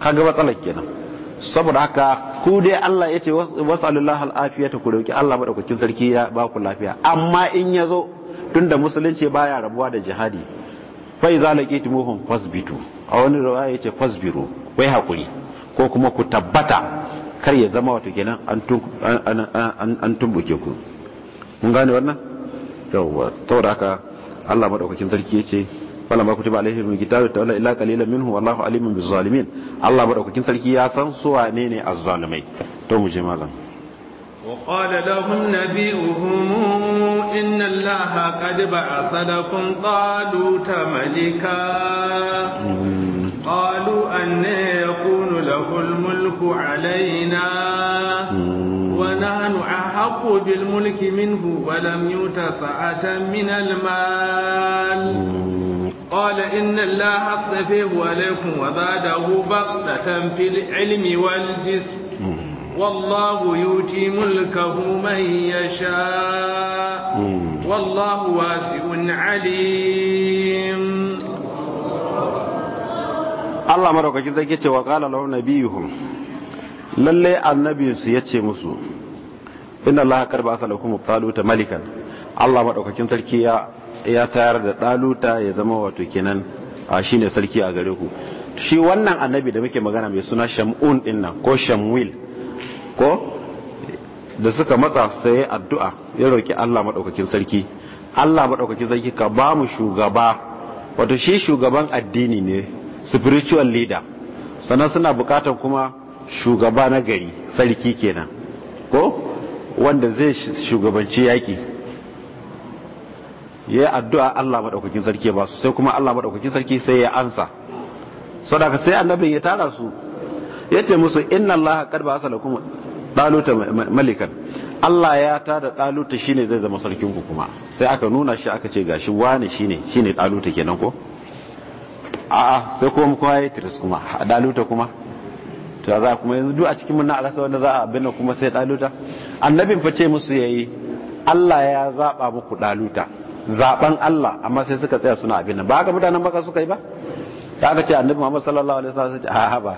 kaga matsalar kenan saboda haka ku dai Allah ya ce wasallallahu al'afiyata ku dauki Allah madaukakin sarki ya ba ku lafiya amma in ya zo tunda musulunci baya rabuwa da jihadi fa idza laqitumuhum fasbitu a wani riwaya yace fasbiru wai hakuri ko kuma ku tabbata kar ya zama wato kenan an tumbuke ku mun gane wannan yawwa saboda haka Allah madaukakin sarki ce. wala ma kutiba alaihi min kitab ta illa qalilan minhu wallahu alimun biz zalimin Allah madaukakin sarki ya san su wane ne azzalimai to mu je malam وقال لهم نبيهم إن الله قد بعث لكم طالوت ملكا قالوا أن يكون له الملك علينا ونحن أحق بالملك منه ولم يؤت سعة من المال قال إن الله اصطفيه عليكم وزاده بسطة في العلم والجسم والله يؤتي ملكه من يشاء والله واسع عليم Allah maraukakin zai ce wa kala lahu nabiyuhum lalle annabin su yace musu inna allaha karba asalakum taluta malikan Allah madaukakin sarki ya ya tayar da ɗaluta ya zama wato kenan a shi ne sarki a gare ku shi wannan annabi da muke magana mai suna shamun din nan ko shamwil ko da suka matsa sai addu'a ya roki Allah madaukakin sarki Allah madaukakin sarki ka ba mu shugaba wato shi shugaban addini ne spiritual leader sannan suna bukatar kuma shugaba na gari sarki kenan ko wanda zai shugabanci yaƙi. ya yi addu'a Allah maɗaukakin sarki ba su sai kuma Allah maɗaukakin sarki sai ya ansa sadaka sai annabin ya tara su ya ce musu inna Allah kad ba asala kuma ɗaluta malikan Allah ya da ɗaluta shine zai zama sarkin ku kuma sai aka nuna shi aka ce gashi wani shine shine ɗaluta kenan ko a'a sai kuma kuma ya tiris kuma ɗaluta kuma to za kuma yanzu duk a cikin mun na alasa wanda za a binne kuma sai ɗaluta annabin fa ce musu yayi Allah ya zaba muku ɗaluta zaben Allah amma sai suka tsaya suna abin nan ba ga mutanen maka suka yi ba ta aka ce annabi Muhammad sallallahu alaihi wasallam sai a ba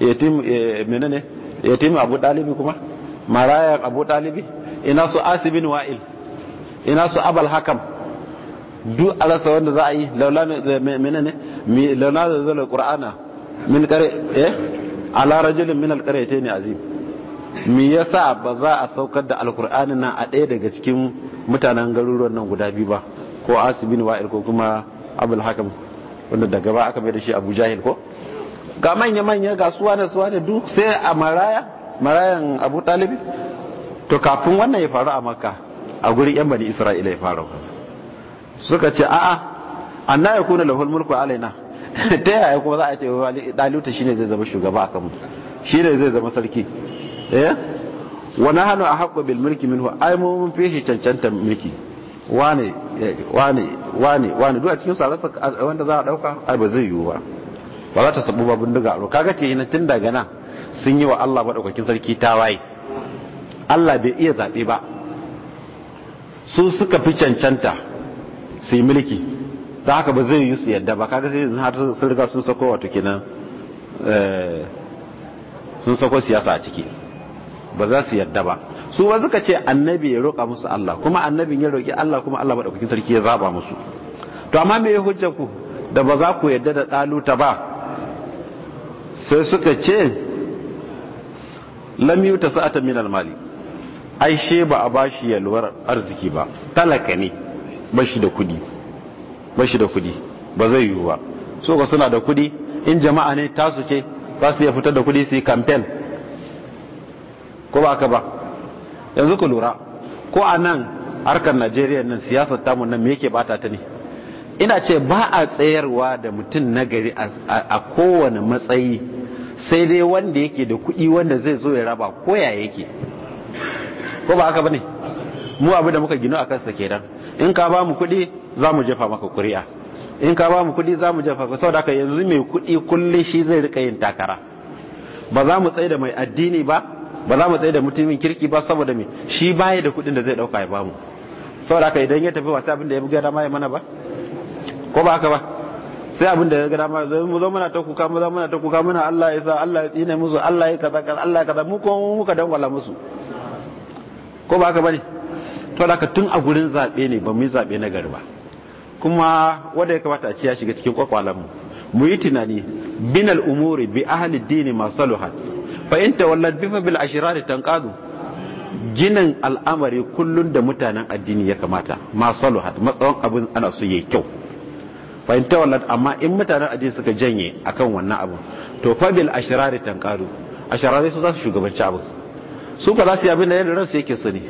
yatim eh, menene yatim Abu Dalibi kuma maraya Abu Dalibi ina su Asibin Wa'il ina su Abul Hakam duk alasa wanda za a yi laula menene laula da zala qur'ana min kare eh ala rajulin min alqaryatayn azim ya yasa ba za a saukar da alqur'ani nan a ɗaya daga cikin mutanen garuruwan nan guda biyu ba ko asibin wa'il ko kuma abul hakam wanda daga ba aka da shi abu jahil ko ga manya-manya ga suwa da suwa da duk sai a maraya marayan abu talibi to kafin wannan ya faru a makka a guri yan bani isra'ila ya faru suka ce a'a anna ya kuna lahul mulku alaina ta yaya kuma za a ce daluta shine zai zama shugaba akan mu shine zai zama sarki eh wa nahnu ahqqu bil mulki minhu ai mu mun fishi cancanta mulki wane eh, wane wane wane duk a cikin sarasa wanda za a dauka ai ba zai yiwu ba ba za ta sabu ba bindiga ro kaga ke yana tun daga nan sun yi wa Allah madaukakin sarki tawaye Allah bai iya zabe ba su suka fi cancanta su yi mulki da haka ba zai yi su yadda ba kaga sai har sun riga sun sako wato kenan eh, sun sako siyasa a ciki ba za su yadda ba su ba suka ce annabi ya roƙa musu Allah kuma annabin ya roƙi Allah kuma Allah madaukakin sarki ya zaba musu to amma me ya hujja ku da ba za ku yadda da ɗaluta ba sai suka ce lam ta sa'ata min almali ai she ba a bashi yalwar arziki ba talaka ne bashi da kudi bashi da kudi ba zai yiwu ba so ga suna da kudi in jama'a ne tasu ce za su iya fitar da kudi su yi kamfen. ko ba ka ba yanzu ku lura ko a nan harkar najeriya nan siyasar tamu nan me yake bata ta ne ina ce ba a tsayarwa da mutum na gari a kowane matsayi sai dai wanda yake da kuɗi wanda zai zo ya raba ko ya yake ko ba haka bane mu abu da muka gino a kansa kenan in ka ba mu kuɗi za mu jefa maka kuri'a in ka ba mu kuɗi za mu jefa ka saboda haka yanzu mai kuɗi kullum shi zai rika yin takara ba za mu tsaye da mai addini ba ba za mu tsaye da mutumin kirki ba saboda me shi baya da kuɗin da zai ɗauka ya bamu saboda haka idan ya tafi wasu abin da ya buga dama ya mana ba ko ba haka ba sai abin da ya gada dama zai mu zo muna ta kuka mu zo muna ta kuka muna Allah ya sa Allah ya tsine musu Allah ya kaza kaza Allah ya kaza mu ko mu muka dangwala musu ko ba haka bane to da ka tun a gurin zabe ne ba mu yi zabe na gari ba kuma wanda ya kamata a ci ya shiga cikin kwakwalan mu mu yi tunani binal umuri bi ahli dini masaluhat fa in tawallat bifa bil ashrari tanqadu ginin al'amari kullun da mutanen addini ya kamata ma saluhat matsawan abin ana so yayi kyau fa in tawallat amma in mutanen addini suka janye akan wannan abin to fa bil ashrari tanqadu ashrari su za su shugabanci abin su ka za su yi abin da yadda ransu yake so ne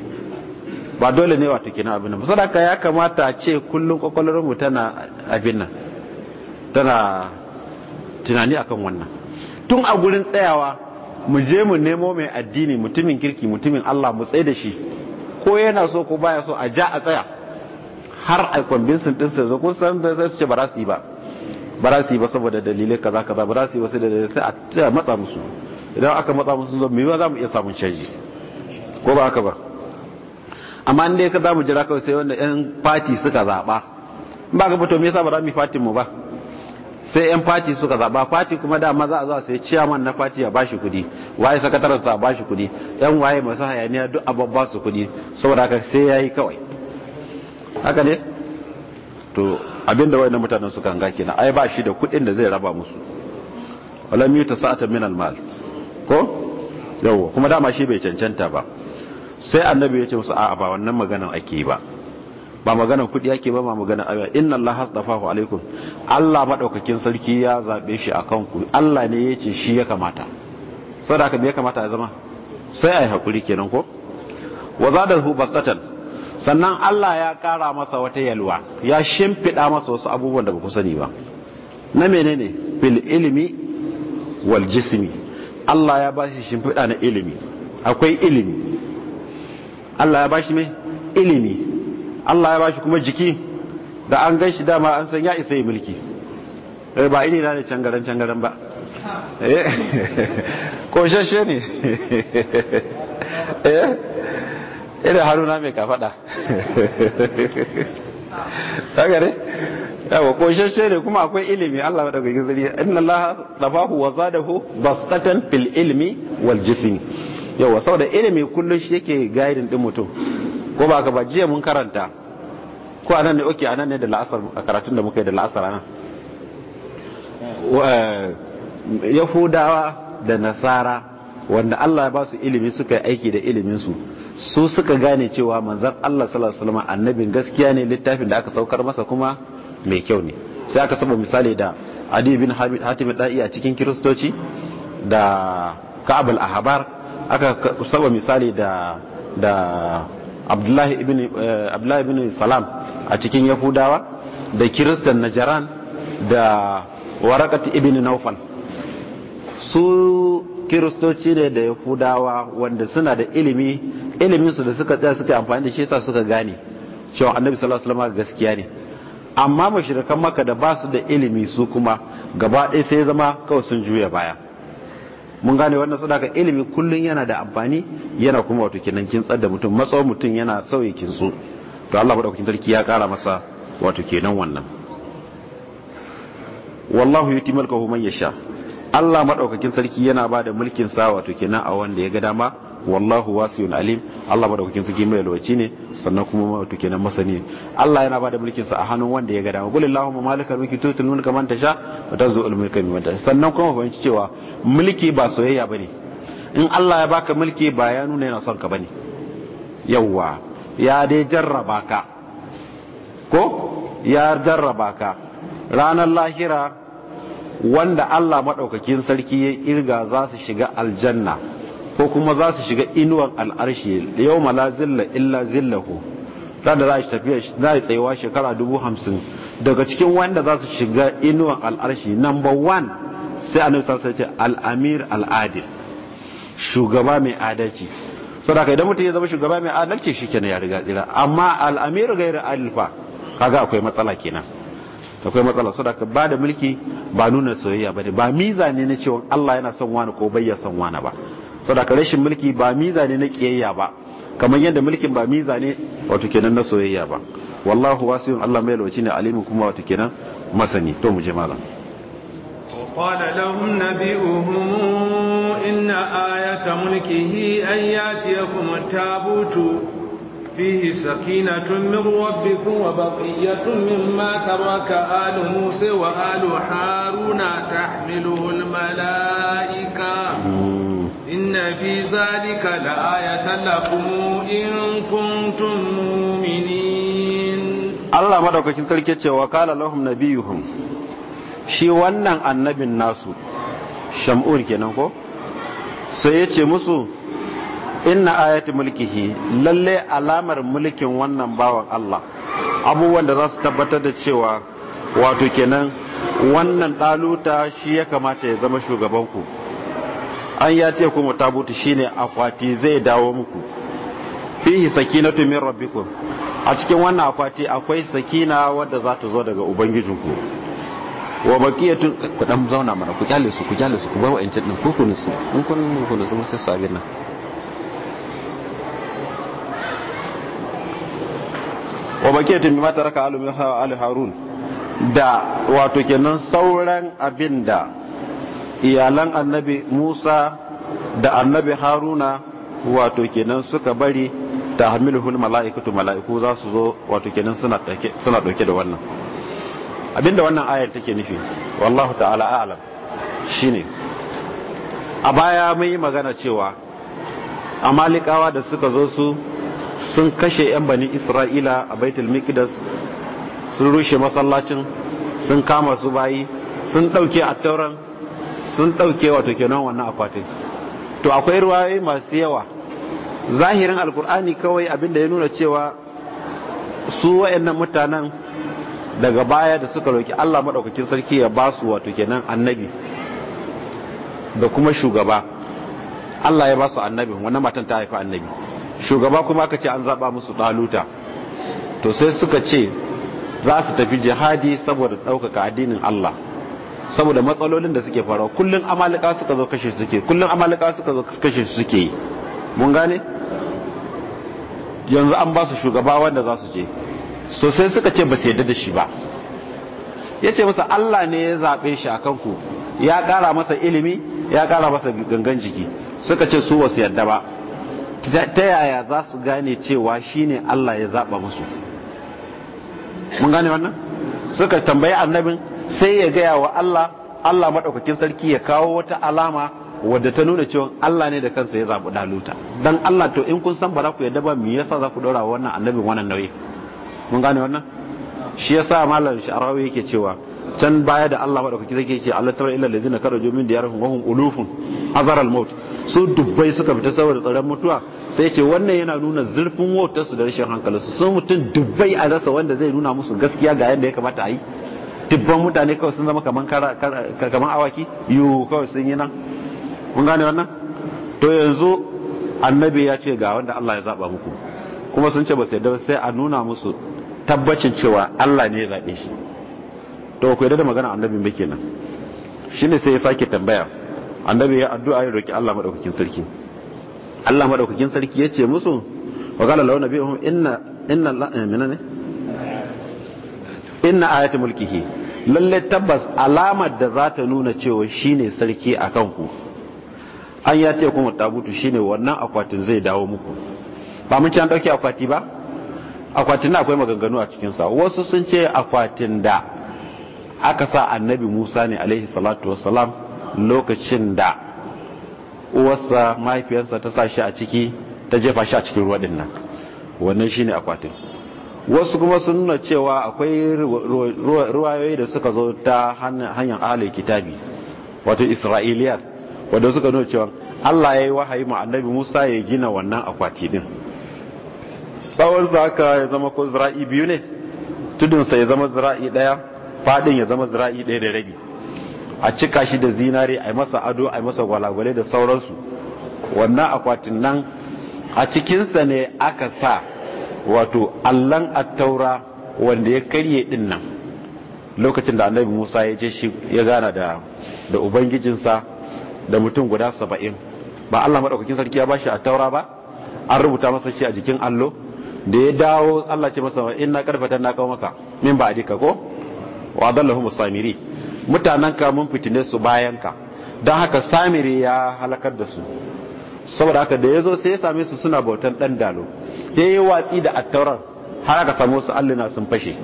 ba dole ne wato kenan abin nan sadaka ya kamata a ce kullun kwakwalwar mu tana abin nan tana tunani akan wannan tun a gurin tsayawa mu je mu nemo mai addini mutumin kirki mutumin Allah mu tsaye da shi ko yana so ko baya so a ja a tsaya har a kwambinsin din su zo kusan da zai su ce ba za su yi ba ba za su yi ba saboda dalilai kaza kaza ba za su yi ba sai da dalilai sai a matsa musu idan aka matsa musu zo mai za mu iya samun canji ko ba haka ba amma in dai ka za mu jira kawai sai wanda yan fati suka zaba ba ga fito me yasa ba za mu yi fatin mu ba sai yan fati suka zaba fati kuma dama za a zuwa sai ciyaman na fati ya bashi kudi waye sakataren sa bashi kudi yan waye masu hayaniya duk abin ba su kudi saboda haka sai yayi kawai haka ne to abinda wayannan mutanen suka hanga kenan ai ba shi da kudin da zai raba musu walam yuta sa'atan min almal ko yawa kuma dama shi bai cancanta ba sai annabi ya ce musu a'a ba wannan maganan ake yi ba ba magana kudi yake ba ba magana awa inna allaha astafahu alaikum allah madaukakin sarki ya zabe shi akan ku allah ne yace shi ya kamata sadaka me ya kamata ya zama sai ai hakuri kenan ko wa zadahu bastatan sannan allah ya kara masa wata yalwa ya shimfida masa wasu abubuwan da ba ku sani ba na menene fil ilmi wal jismi allah ya ba shi shimfida na ilimi akwai ilimi allah ya ba shi mai ilimi Allah ya bashi kuma jiki da an gan shi dama an san ya isa yi mulki eh, ba ini na ne cangaren cangaren ba eh, ƙoshashe ne eh, irin haruna mai kafada Ya ne yawa ƙoshashe ne kuma akwai ilimi Allah ba daga gizuri inna Allah tafahu wa zadahu bastatan fil ilmi wal jismi yawa da ilimi kullum shi yake gaidin din mutum ko ba ka ba jiya mun karanta ko anan ne oke anan ne da la'asar a karatun da muka yi da la'asar anan eh, yahudawa da nasara wanda Allah ya ba su ilimi suka yi aiki da iliminsu su suka gane cewa manzan Allah sallallahu alaihi wasallam annabin gaskiya ne littafin da aka saukar masa kuma mai kyau ne sai aka saba misali da Adi bin Hamid Hatim Da'i a cikin Kiristoci da Ka'ab al-Ahbar aka saba misali da da Eh, abdullahi ibn salam a cikin yahudawa da kiristan najaran da warakat ibn naufal su kiristoci ne da yahudawa wanda suna da ilimi iliminsu da suka tsaya suka amfani da shi sa suka gane cewa annabi sallallahu alaihi wasallam gaskiya ne amma mashirikan maka da basu da ilimi su kuma gaba ɗaya sai zama kawai sun juya baya mun gane wannan sadaka ilimi kullun yana da amfani yana kuma wato kenan kintsar da mutum matsawon mutum yana sauye kintsu to Allah kucin sarki ya kara masa wato kenan wannan wallahu yuti mulkahu man yasha Allah madaukakin sarki yana ba da mulkin sa wato kenan a wanda ya ga dama wallahu wasiun alim Allah madaukakin sarki mai alwaci ne sannan kuma wato kenan masani Allah yana bada mulkin sa a hannun wanda ya ga dama qul allahumma malikal mulki tutul mulka man tasha wa tanzu'ul mulka mimman tasha sannan kuma fahimci cewa mulki ba soyayya bane in Allah ya baka mulki ba ya nuna yana son ka bane Yawwa ya dai jarraba ka ko ya jarraba ka ranar lahira wanda Allah madaukakin sarki ya irga za su shiga aljanna ko kuma za su shiga inuwan al'arshi yau ma la zilla illa zillahu ran da za a tafiya za a tsayawa shekara dubu hamsin daga cikin wanda za su shiga inuwan al'arshi number one sai annabi sallallahu alaihi wasallam al'amir al'adil shugaba mai adalci saboda idan mutum ya zama shugaba mai adalci shikenan ya riga tsira amma al'amir gairu alfa kaga akwai matsala kenan akwai matsala saboda ba da mulki ba nuna soyayya ba ne. ba miza ne na cewa Allah yana son wani ko bai ya son wani ba saboda rashin mulki ba miza ne na kiyayya ba kamar yadda mulkin ba miza ne wato kenan na soyayya ba wallahu wasiyun Allah mai lokaci ne alimin kuma wato kenan masani to mu je malam وقال لهم نبيهم إن آية ملكه أن ياتيكم التابوت فيه سكينة من ربكم وبقية مما ترك آل موسى وآل حارون تحمله الملائكة inna fi zalika la'ayatan lakum in kuntum mu'minin Allah madaukakin sarki ce wa qala lahum nabiyuhum shi wannan annabin nasu sham'ur kenan ko sai yace musu inna ayati mulkihi lalle alamar mulkin wannan bawan Allah abubuwan da za su tabbatar da cewa wato kenan wannan ɗaluta shi ya kamata ya zama shugabanku an ya ce kuma tabutu shine akwati zai dawo muku fihi sakinatu min rabbikum a cikin wannan akwati akwai sakina wadda za ta zo daga ubangijinku wa baqiyatun ku dan zauna mana ku kyale su ku kyale su ku bar wa'ancin din ku kunu su in kun kunu su sai sabin nan wa baqiyatun mimma taraka alu min harun da wato kenan sauran abinda iyalan annabi musa da annabi haruna wato kenan suka bari ta hamiluhul mala'ikatu mala'iku za su zo wato kenan suna ɗauke da wannan abinda wannan ayar take nufi wallahu ta'ala a'lam shine a baya mun yi magana cewa amalikawa da suka zo su sun kashe 'yan bani isra'ila a baitul mikdas sun rushe masallacin sun kama su bayi sun ɗauke a tauran sun ɗauke wato kenan wannan akwatin to akwai ruwayoyi masu yawa zahirin alkur'ani kawai abinda ya nuna cewa su wa'annan mutanen daga baya da suka roki Allah madaukakin sarki ya ba su wato kenan annabi da kuma shugaba Allah ya ba su annabi wannan matan ta haifa annabi shugaba kuma aka ce an zaba musu daluta to sai suka ce za su tafi jihadi saboda ɗaukaka addinin Allah saboda matsalolin da suke faruwa kullun amalika suka zo kashe su suke kullun amalika suka zo kashe su suke yi mun gane yanzu an ba su shugaba wanda za su je so sai suka ce ba su yadda da shi ba ya ce masa Allah ne ya zaɓe shi a kanku ya ƙara masa ilimi ya ƙara masa gangan jiki suka ce su wasu yadda ba ta yaya za su gane cewa shi ne Allah ya zaɓa musu mun gane wannan suka tambayi annabin sai ya gaya wa Allah Allah maɗaukakin sarki ya kawo wata alama wadda ta nuna cewa Allah ne da kansa ya zaɓi daluta dan Allah to in kun san ba za ku yadda ba me yasa za ku ɗora wa wannan annabin wannan nauyi mun gane wannan shi yasa malam sha'arawi yake cewa can baya da Allah madaukaki zai ce Allah tabar illa ladina karaju min diyarihim wa hum ulufun azar al su dubbai suka fita saboda tsaron mutuwa sai ce wannan yana nuna zurfin wautar su da rashin hankalin sun mutum dubbai a rasa wanda zai nuna musu gaskiya ga yadda ya kamata a yi dubban mutane kawai sun zama kaman awaki yiwu kawai sun yi nan kun gane wannan to yanzu annabi ya ce ga wanda Allah ya zaba muku kuma sun ce ba sai sai a nuna musu tabbacin cewa Allah ne ya zabe shi to ku yarda da magana annabi ba kenan shine sai ya sake tambaya annabi ya addu'a ya roki Allah madaukakin sarki Allah madaukakin sarki ya ce musu wa qala lahu nabiyuhum inna inna Allah eh, minane inna ayati mulkihi lalle tabbas alamar da za ta nuna cewa shine sarki a kanku an ya ce kuma tabutu shine wannan akwatin zai dawo muku ba mun ci an dauke akwati ba akwatin na akwai maganganu a cikin sa wasu sun ce akwatin da aka sa annabi Musa ne alaihi salatu wassalam lokacin da uwarsa mahaifiyarsa ta sa shi a ciki ta jefa shi a cikin ruwa nan wannan shine akwatin wasu kuma sun nuna cewa akwai ruwayoyi da suka zo ta hanyar ahalin kitabi wato isra'iliyar wadda suka nuna cewa allah ya yi wahayi ma annabi musa ya gina wannan akwati din tsawonsa aka ya zama ko zira'i biyu ne tudunsa ya zama zira'i daya fadin ya zama zira'i daya da rabi a cika shi da zinare a masa ado a masa gwalagwale da sauransu wannan akwatin nan a cikinsa ne aka sa wato allan attaura wanda ya karye din nan lokacin da annabi musa ya je shi ya gana da ubangijinsa da mutum guda saba'in ba allah maɗaukakin sarki ya ba shi attaura ba an rubuta masa shi a jikin allo da ya dawo allah ce masa in na karfata na kawo maka min ba dika ko wa dallahu musamiri mutanen ka mun fitine su bayan ka don haka samiri ya halakar da su saboda haka da ya zo sai ya same su suna bautan dan dalo ya yi watsi da attaurar har aka samu wasu alluna sun fashe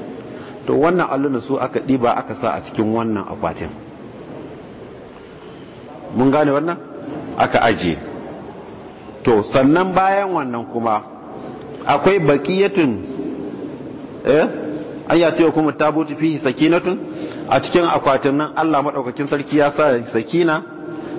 to wannan alluna su aka ɗiba aka sa a cikin wannan akwatin mun gane wannan aka ajiye to sannan bayan wannan kuma akwai bakiyatun eh an yato ce kuma tabutu fi sakinatun a cikin akwatin nan Allah madaukakin sarki ya sa sakina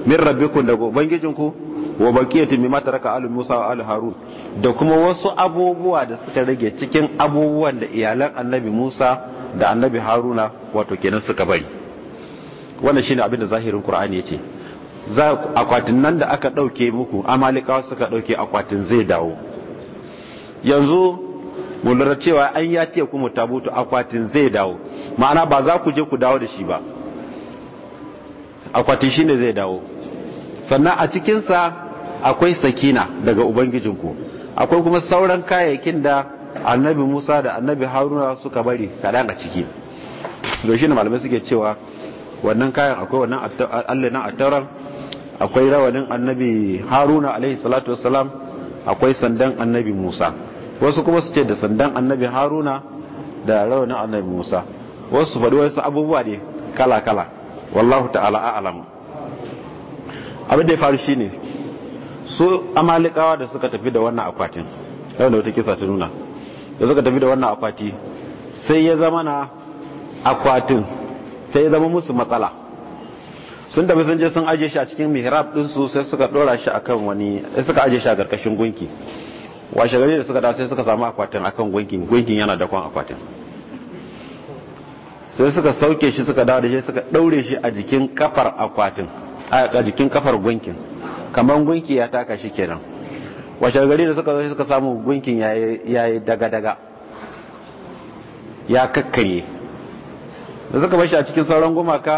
min rabbikum daga ubangijinku wa baqiyatu mimma taraka alu Musa wa alu Harun da kuma wasu abubuwa da suka rage cikin abubuwan da iyalan Annabi Musa da Annabi Haruna wato kenan suka bari wannan shine abin da zahirin Qur'ani yace za akwatin nan da aka dauke muku amalikawa suka dauke akwatin zai dawo yanzu mun cewa an ya ce ku mutabutu akwatin zai dawo ma'ana ba za ku je ku dawo da shi ba akwatin shine zai dawo sannan a cikinsa akwai sakina daga ubangijinku akwai kuma sauran kayayyakin da annabi musa da annabi haruna suka bari kaɗan a ciki to shi ne malamai suke cewa wannan kayan akwai wannan a tauran akwai rawanin annabi haruna alaihi salatu wasalam akwai sandan annabi musa wasu kuma su ce da sandan annabi haruna da rawanin annabi musa wasu faɗi wasu abubuwa ne kala kala wallahu ta'ala a'lam abin da ya faru shine su amalikawa da suka tafi da wannan akwatin yadda wata kisa ta nuna da suka tafi da wannan akwati sai ya zama na akwatin sai ya zama musu matsala sun tafi sun je sun aje shi a cikin mihrab ɗinsu sai suka ɗora shi akan wani suka aje shi a ƙarƙashin gunki washe gari da suka da sai suka samu akwatin akan gunkin gunkin yana da kwan akwatin sai suka sauke shi suka dawo da shi suka ɗaure shi a jikin kafar akwatin a jikin kafar gunkin kamar gunki ya taka shi kenan washe gari da suka zo suka samu gunkin ya yi daga-daga ya kakkarye da suka bashi a cikin sauran gumaka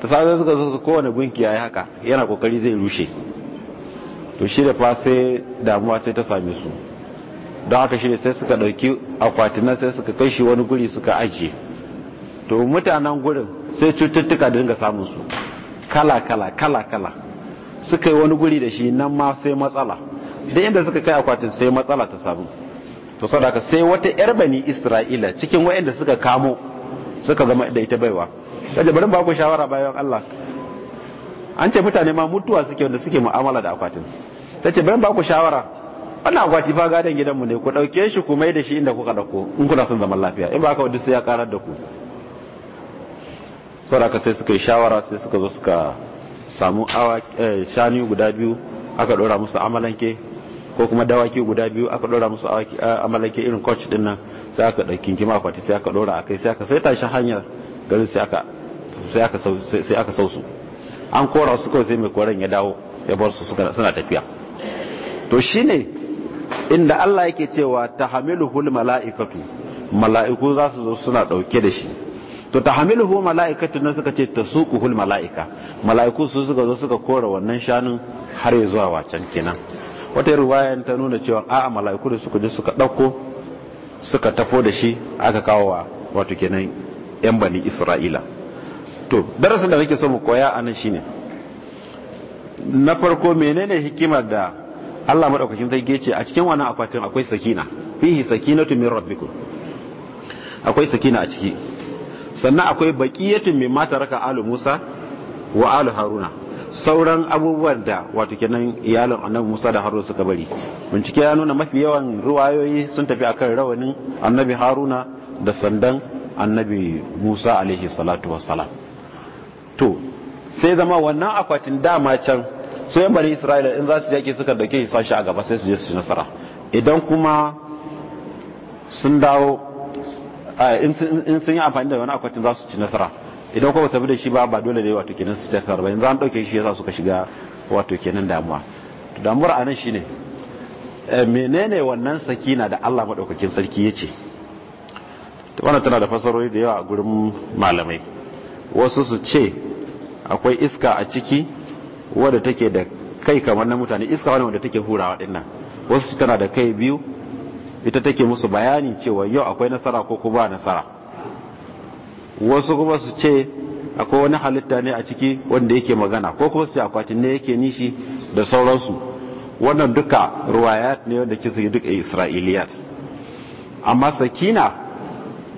da sa'adar suka zo kowane gunki ya yi haka yana kokari zai rushe to shi da fa sai damuwa sai ta same su don haka shi ne sai suka ɗauki akwatinan sai suka kai shi wani guri suka ajiye to mutanen gurin sai cututtuka da dinga samun su kala kala kala kala suka yi wani guri da shi nan ma sai matsala da inda suka kai akwatin sai matsala ta sabu to sadaka sai wata yar bani isra'ila cikin waɗanda suka kamo suka zama da ita baiwa kaje bari ba ku shawara bayan Allah an ce mutane ma mutuwa suke wanda suke mu'amala da akwatin ta ce bari ba ku shawara wannan akwati fa gadan gidanmu ne ku dauke shi ku mai da shi inda kuka dauko in kuna son zaman lafiya in ba ka wadda sai ya karar da ku saboda sai suka yi shawara sai suka zo suka samu eh, shanu guda biyu aka dora musu amalanke ko kuma dawaki guda biyu aka dora musu amalanke irin coach din nan sai aka ɗaukin kima akwati sai aka dora akai sai aka saita shi hanyar garin sai aka sai aka sau su an kora su kawai sai mai koren ya dawo ya bar su suna tafiya to shine inda Allah yake cewa tahamiluhul mala'ikatu mala'iku za su zo suna ɗauke da shi to ta hamilu hamiluhu mala'ikatu nan suka ce ta hul mala'ika mala'iku su suka zo suka kora wannan shanun har ya zuwa wacan kenan wata ruwaya ta nuna cewa a'a mala'iku da suka je suka dauko suka tafo da shi aka kawo wa wato kenan yan bani isra'ila to darasin da nake so mu koya shi shine na farko menene hikimar da Allah madaukakin sarki ce a cikin wannan akwatin akwai sakina fihi sakinatu min rabbikum akwai sakina a ciki sannan akwai mai mata raka alu Musa wa alu Haruna sauran abubuwan da wato kenan iyalin annabi Musa da Haruna suka bari bincike ya nuna mafi yawan ruwayoyi sun tafi akan rawanin annabi Haruna da sandan annabi Musa alaihi salatu wassalam to sai zama wannan akwatin dama can sai yan Isra'ila in za su yake suka dauke shi sashi a gaba sai su je su nasara idan kuma sun dawo in sun yi amfani da wani akwatin za su ci nasara idan kuma saboda shi ba ba dole ne wato kenan su ci nasara ba yanzu an dauke shi yasa suka shiga wato kenan damuwa to damuwar anan shine eh, menene wannan na da Allah madaukakin sarki ya ce? wannan tana da fasarori da yawa a gurin malamai wasu su ce akwai iska a ciki wadda take da kai kamar na mutane iska wani wanda take hurawa dinnan wasu tana da kai biyu ita take musu bayani cewa yau akwai nasara ko kuma nasara wasu kuma su ce akwai wani halitta ne a ciki wanda yake magana ko kuma su ce akwatin ne yake nishi da sauransu wannan duka ruwayat ne wanda kisa duka isra'iliyat amma sakina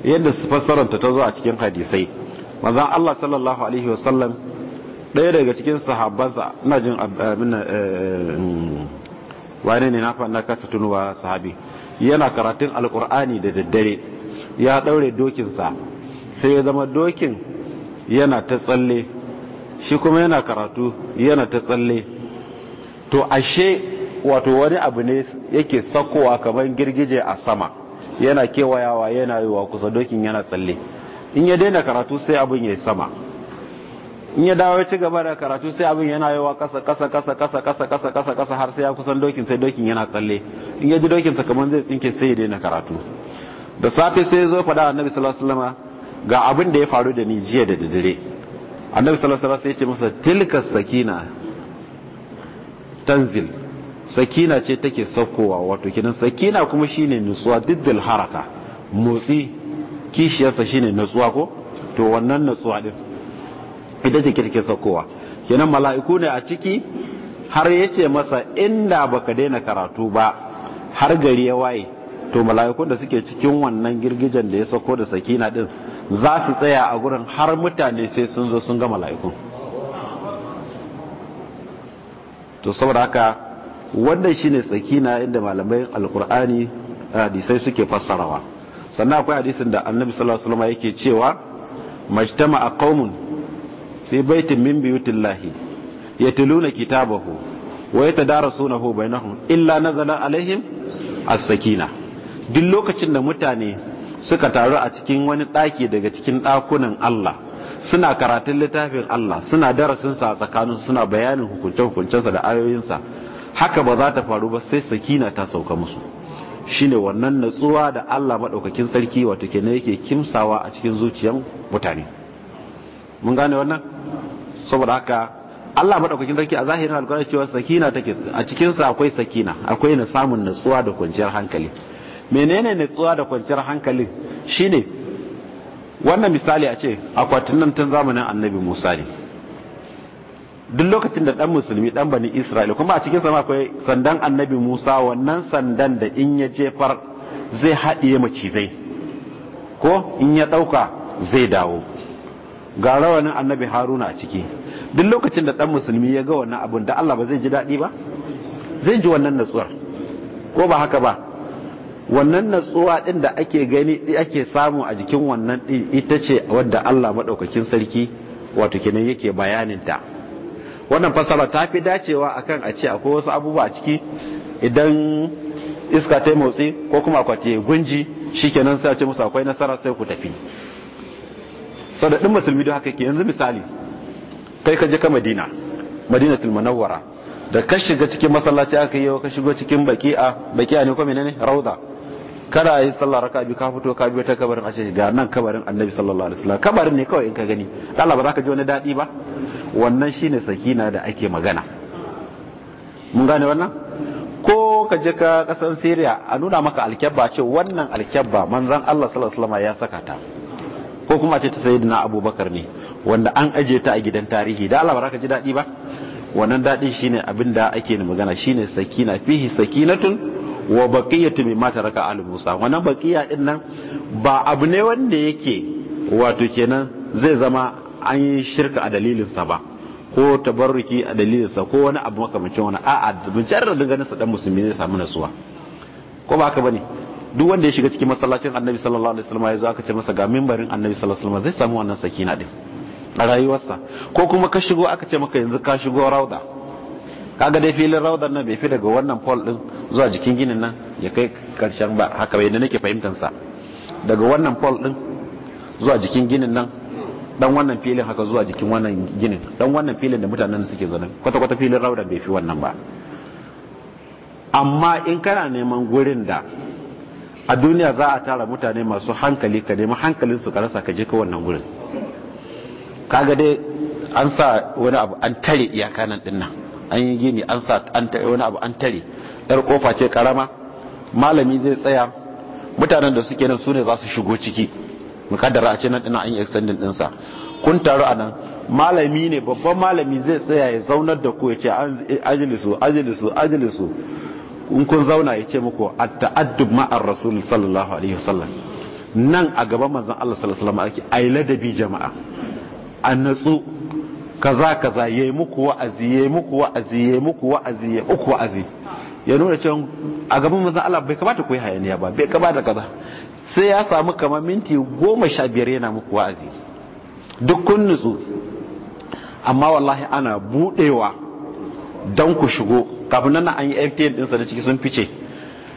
yadda su fassaranta ta zo a cikin hadisai manzon Allah sallallahu alaihi wasallam ɗaya daga cikin sahabbansa ina jin eh, abin eh, mm, wane ne na kasa tunuwa sahabi yana karatun alkur'ani da daddare ya ɗaure dokinsa sai ya zama dokin yana ta tsalle shi kuma yana karatu yana ta tsalle to ashe wato wani abu ne yake sakowa kamar girgije a sama yana kewayawa yana yiwa kusa dokin yana tsalle in ya daina karatu sai abin ya yi sama in ya dawo ci gaba da karatu sai abin yana yawa kasa kasa kasa kasa kasa kasa kasa kasa har sai ya kusan dokin sai dokin yana tsalle in ya ji dokin sa kaman zai tsinke sai ya daina karatu da safe sai ya zo faɗa annabi sallallahu alaihi wasallam ga abin da ya faru da ni jiya da dare annabi sallallahu alaihi wasallam sai ya ce masa tilka sakina tanzil sakina ce take saukowa wato kidan sakina kuma shine nutsuwa diddil haraka motsi kishiyarsa shine nutsuwa ko to wannan nutsuwa din ita ce kirki sakowa kenan mala'iku ne a ciki har ya ce masa inda baka daina karatu ba har gari ya waye to mala'ikun da suke cikin wannan girgijen da ya sako da sakina din za su tsaya a gurin har mutane sai sun zo sun ga malaiku to saboda haka wannan shine sakina inda malamai alkur'ani hadisai suke fassarawa sannan akwai hadisin da annabi sallallahu alaihi wasallam yake cewa majtama'a qaumun fi baitin min buyutillahi yatluna kitabahu wa yatadarasunahu bainahum illa nazala alaihim as-sakina duk lokacin da mutane suka taru a cikin wani ɗaki daga cikin ɗakunan Allah suna karatun littafin Allah suna darasinsa a tsakanin suna bayanin hukunce-hukuncensa da ayoyinsa haka ba za ta faru ba sai sakina ta sauka musu shine wannan natsuwa da Allah maɗaukakin sarki wato kenan yake kimsawa a cikin zuciyan mutane mun gane wannan saboda haka Allah madaukakin sarki a zahirin alkurani cewa sakina take a cikin sa akwai sakina akwai na samun natsuwa da kwanciyar hankali menene natsuwa da kwanciyar hankali shine wannan misali a ce akwatin nan tun zamanin annabi Musa ne duk lokacin da dan musulmi dan bani isra'ila kuma a cikin sa akwai sandan annabi musa wannan sandan da in ya jefar zai haɗiye macizai ko in ya ɗauka zai dawo ga rawanin annabi haruna a ciki duk lokacin da dan musulmi ya ga wannan abun da Allah ba zai ji daɗi ba zai ji wannan natsuwar ko ba haka ba wannan natsuwa din da ake gani ake samu a jikin wannan din ita ce wadda Allah madaukakin sarki wato kenan yake bayanin ta wannan fasara ta fi dacewa akan a ce akwai wasu abubuwa a ciki idan iska ta motsi ko kuma akwati gunji shikenan sai a ce musu akwai nasara sai ku tafi sau da ɗin musulmi don haka ke yanzu misali kai ka je ka madina madinatul munawwara da ka shiga cikin masallaci aka yi ka shigo cikin baki'a baki'a ne ko menene rauza kada yi sallah raka bi ka fito ka biyo ta kabarin ashe ga nan kabarin annabi sallallahu alaihi wasallam kabarin ne kawai in ka gani Allah ba za ka ji wani dadi ba wannan shine sakina da ake magana mun gane wannan ko ka je ka kasan Syria a nuna maka alkyabba ce wannan alkyabba manzon Allah sallallahu alaihi wasallam ya saka ta ko kuma ce ta sayyidina abubakar ne wanda an aje ta a gidan tarihi da Allah baraka ka ji daɗi ba wannan daɗi shine abin da ake ni magana shine sakina fihi sakinatun wa baqiyatu mimma taraka al musa wannan baqiya din nan ba abu ne wanda yake wato kenan zai zama an yi shirka a dalilin sa ba ko tabarruki a dalilin sa ko wani abu makamancin wani a'a bincin da ganin sa dan musulmi zai samu nasuwa ko ba haka bane duk wanda ya shiga cikin masallacin annabi sallallahu alaihi wasallam ya zo aka ce masa ga mimbarin annabi sallallahu alaihi wasallam zai samu wannan sakina din a rayuwarsa ko kuma ka shigo aka ce maka yanzu ka shigo rauda kaga dai filin rauda nan bai fi daga wannan pol din zuwa jikin ginin nan ya kai karshen ba haka bai da nake fahimtar sa daga wannan pol din zuwa jikin ginin nan dan wannan filin haka zuwa jikin wannan ginin dan wannan filin da mutanen suke zaune kwata kwata filin rauda bai fi wannan ba amma in kana neman gurin da a duniya za a tara mutane masu hankali ka nemi hankalin su karasa ka je ka wannan gurin kaga dai an sa wani abu an tare iyaka nan dinnan an yi gini an sa wani abu an tare yar kofa ce karama malami zai tsaya mutanen da suke nan su ne za su shigo ciki mukaddara a ce nan dinnan an yi extending sa kun taru anan malami ne babban malami zai tsaya ya zaunar da ku ya ce eh, ajilisu ajilisu ajilisu in kun zauna ya ce muku a taaddub ma'ar rasul sallallahu alaihi wasallam nan a gaban manzon Allah sallallahu alaihi wasallam ake ai ladabi jama'a an natsu kaza kaza yayi muku wa'azi yayi muku wa'azi yayi muku wa'azi yayi muku wa'azi ya nuna cewa a gaban manzon Allah bai kamata ku yi hayaniya ba bai kamata kaza sai ya samu kamar minti goma sha biyar yana muku wa'azi duk kun nutsu amma wallahi ana budewa don ku shigo kafin nan an yi FTN ɗinsa da ciki sun fice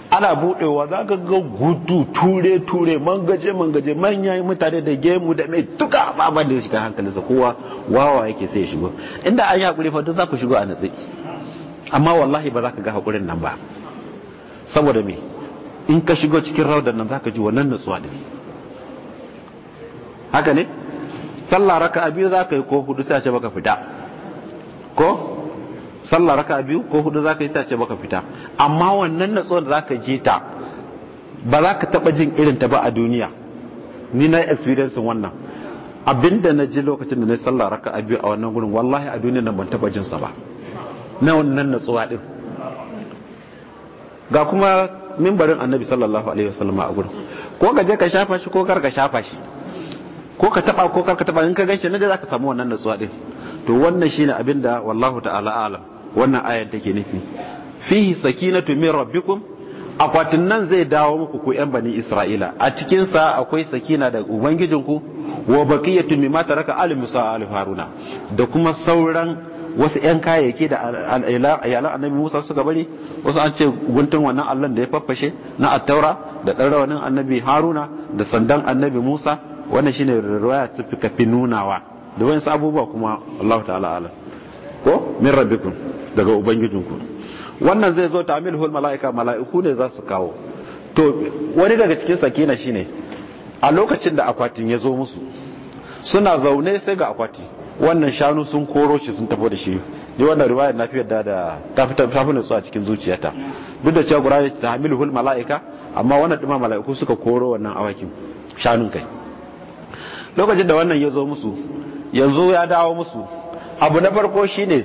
ana buɗewa za ka ga gudu ture ture mangaje mangaje manya mutane da gemu da mai tuka ba ba da shiga hankalinsa kowa wawa yake sai ya shigo inda an yi hakuri fa za ku shigo a natsi amma wallahi ba za ka ga hakurin nan ba saboda me in ka shigo cikin raudan nan za ka ji wannan natsuwa da haka ne sallah raka biyu za ka yi ko hudu sai a ce baka fita ko sallah raka biyu ko hudu zaka yi sace baka fita amma wannan natsuwar da zaka ji ta ba za ka taba jin irin ta ba a duniya ni na experience wannan abinda na ji lokacin da na sallah raka a biyu a wannan gurin wallahi a duniya nan ban taba jin sa ba na wannan natsuwa din ga kuma mimbarin annabi sallallahu alaihi wasallam a gurin ko ka je ka shafa shi ko kar ka shafa shi ko ka taba ko kar ka taba in ka ganshi nan da zaka samu wannan natsuwa din to wannan shine abinda wallahu ta'ala alam wannan ayar take nufi fihi sakinatu min rabbikum akwatin nan zai dawo muku ku yan bani isra'ila a cikin sa akwai sakina da ubangijinku wa baqiyatu mimma taraka ali musa ali haruna da kuma sauran wasu 'yan kayayyaki da iyalan annabi musa suka bari wasu an ce guntun wannan allon da ya faffashe na attaura da ɗan rawanin annabi haruna da sandan annabi musa wannan shine riwaya ta fi nunawa da wani abubuwa kuma Allah ta'ala ala ko min rabbikum daga ubangijinku wannan zai zo tamilhul mala'ika mala'iku ne za su kawo to wani daga cikin sakina shine a lokacin da akwatin ya zo musu suna zaune sai ga akwati wannan shanu sun koro shi sun tafi da shi ni wannan riwaya na fi yadda da ta fi su a cikin zuciyata duk da cewa qur'ani ta hamiluhul mala'ika amma wannan dima mala'iku suka koro wannan awakin shanun kai lokacin da wannan ya zo musu yanzu ya dawo musu abu na farko shine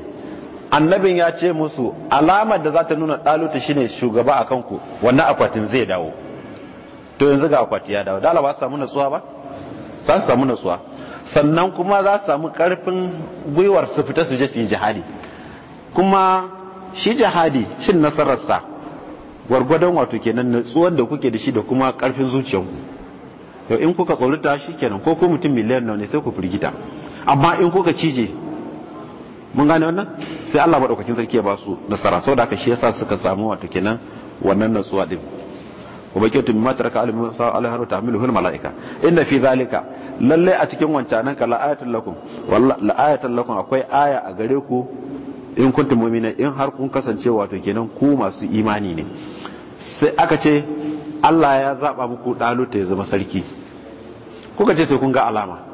annabin ya ce musu alamar da za ta nuna ɗaluta shine shugaba a kanku wannan akwatin zai dawo to yanzu ga akwati ya dawo dala ba samu nutsuwa ba za su samu nutsuwa sannan kuma za su samu karfin gwiwar su fita su je su yi jihadi kuma shi jihadi cin nasararsa gwargwadon wato kenan natsuwan da kuke da shi da kuma karfin zuciyarku to in kuka tsoruta shi kenan ko kuma mutum miliyan ne sai ku firgita amma in kuka cije mun gane wannan sai Allah madaukakin sarki ya ba su nasara saboda haka shi yasa suka samu wato kenan wannan nasuwa din wa bakiyatu mimma taraka al musa alaihi wa tahmiluhu malaika inna fi zalika lalle a cikin wancanan ka ayatul lakum wallahi ayatul lakum akwai aya a gare ku in kuntum mu'mina in har kun kasance wato kenan ku masu imani ne sai aka ce Allah ya zaba muku daluta ya zama sarki kuka ce sai kun ga alama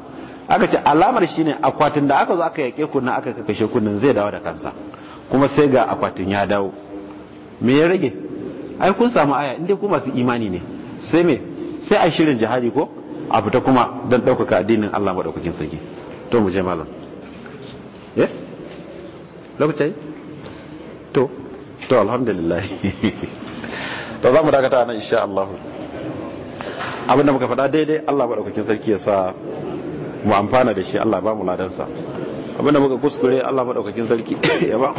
aka ce alamar shi ne akwatin da aka zo aka yake kunna aka kakashe kunnan zai dawo da kansa kuma sai ga akwatin ya dawo me ya rage ai kun samu aya inda ku masu imani ne sai me sai a shirin jihadi ko a fita kuma don ɗaukaka addinin Allah maɗaukakin sarki to mu je malam eh lokacin to to alhamdulillah to za mu dakata nan insha Allah abinda muka faɗa daidai Allah maɗaukakin sarki ya sa mu amfana da shi Allah ba mu ladansa abinda muka kuskure Allah madaukakin sarki ya ba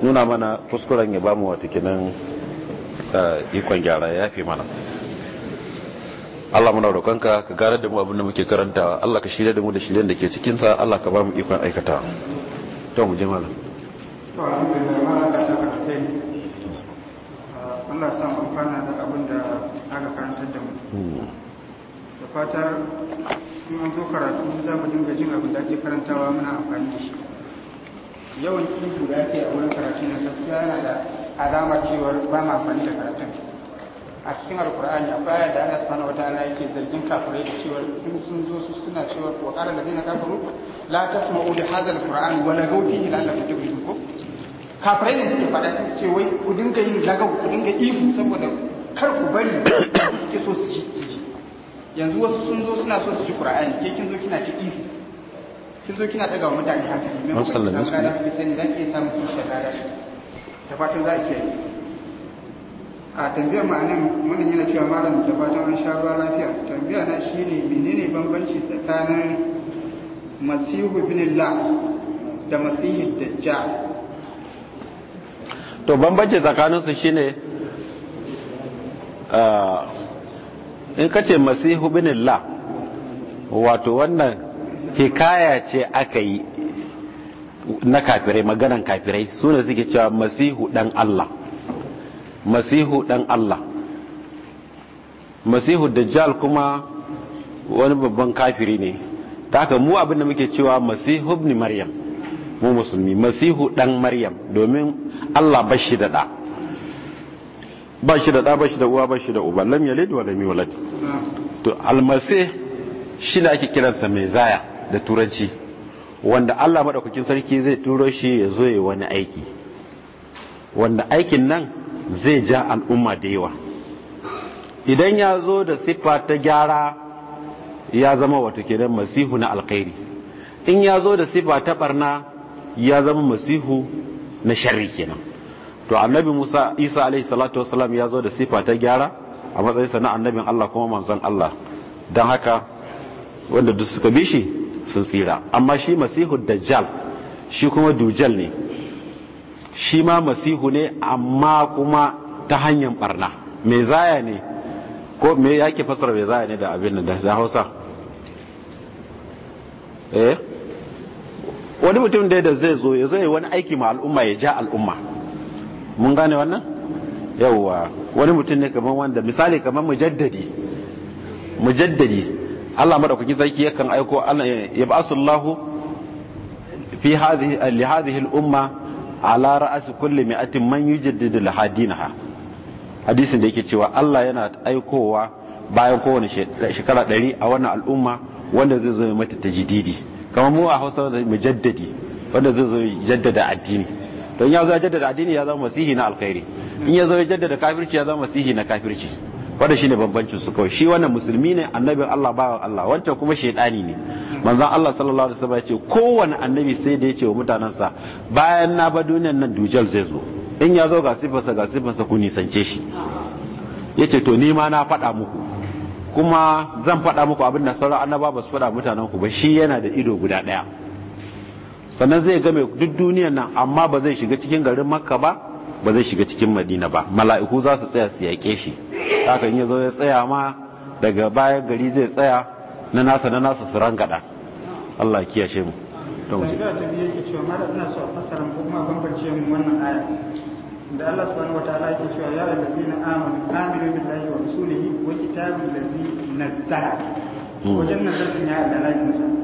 nuna mana kuskuren ya ba mu wata kinan eh, ikon gyara ya fi mana Allah muna roƙonka ka gara da mu abinda da muke karantawa Allah ka shirya da mu da shiryen da ke cikin sa Allah ka ba mu ikon aikata to mu je mana ah, Allah amfana da abin aka karantar da mu hmm. fatar kuma an zo karatu za mu dinga jin abin da ake karantawa muna amfani da shi yawan ihu da ake a wurin karatu na gaskiya yana da alamar cewar ba mu amfani da karatun a cikin alkur'ani a baya da sanar wata ana yake zargin kafirai da cewar in sun zo su suna cewar wa zai na kafaru la tasma'u da hadha alqur'ani wa lagaw fihi la'allakum tuflihun ko kafirai ne suke faɗa suke ce wai ku dinga yin lagaw ku dinga ihu saboda kar ku bari ke so su ji yanzu wasu sun zo suna so su ji qur'ani ke kin zo kina ta ihu kin zo kina daga mutane ne mai kuma samun rana ki sani dan ke samun kushe rana da fatan za a ke yi a tambayar ma'anin nan wannan yana cewa malam da fatan an sha ruwa lafiya tambaya na shine menene bambanci tsakanin masihu binillah da masihi dajjal to bambanci tsakaninsu shine ah, in ka ce masihu binillah wato wannan hikaya ce aka yi na kafirai maganan kafirai su ne suke cewa masihu dan Allah masihu dan Allah masihu dajjal kuma wani babban kafiri ne ta haka mu abinda muke cewa masihu ibn maryam mu musulmi masihu dan maryam domin Allah bashi da da ba shi da ɗa ba shi da uwa ba shi da uba lam yalid wa lam yulad to almasi shi ne ake kiransa mai zaya da turanci wanda Allah madaukakin sarki zai turo shi ya zo ya wani aiki wanda aikin nan zai ja al'umma da yawa idan ya zo da siffa ta gyara ya zama wato kenan masihu na alkhairi in ya zo da sifa ta barna ya zama masihu na sharri kenan to annabi Musa Isa alaihi salatu wassalam ya zo da sifa ta gyara a matsayin sa na annabin Allah kuma manzon Allah dan haka wanda duk suka bi shi sun tsira amma shi masihu dajjal shi kuma dujal ne shi ma masihu ne amma kuma ta hanyar barna mai zaya ne ko me yake fasara mai zaya ne da abin da Hausa eh wani mutum da zai zo ya zo ya wani aiki ma al'umma ya ja al'umma mun gane wannan yawwa wani mutum ne kamar wanda misali kamar mujaddadi mujaddadi Allah madaukakin sarki yakan aiko Allah ya ba'asu fi hadhihi li hadhihi al-umma ala ra'si kulli mi'atin man yujaddidu hadisin da yake cewa Allah yana aikowa bayan kowane shekara ɗari a wannan al'umma wanda zai zo mata tajdidi kamar mu a Hausa mujaddadi wanda zai zo jaddada addini don ya zo ya jaddada addini ya zama masihi na alkhairi in ya zo ya jaddada kafirci ya zama masihi na kafirci wanda shine bambancin su kawai shi wannan musulmi ne annabin Allah bawan Allah wancan kuma shaidani ne manzon Allah sallallahu alaihi wasallam ya ce kowanne annabi sai da ya ce wa mutanansa bayan na ba duniyan nan dujal zai zo in ya zo ga sifarsa ga sifarsa ku nisance shi ya ce to ni ma na faɗa muku kuma zan faɗa muku abin da sauran annaba ba su faɗa mutanen ku ba shi yana da ido guda ɗaya sannan zai game duk duniyar nan amma ba zai shiga cikin garin makka ba ba zai shiga cikin madina ba mala'iku za su tsaya su yaƙe shi haka in ya zo ya tsaya ma daga baya gari zai tsaya na nasa na nasa su rangada Allah ya kiyashe mu to mu ji da tabi yake cewa mara ina so a fassara ko kuma bambance mu wannan aya da Allah subhanahu wataala yake cewa ya allazina amanu aminu billahi wa rasulihi wa kitabil ladzi nazzala hmm. wajen nan zai ya da lafiya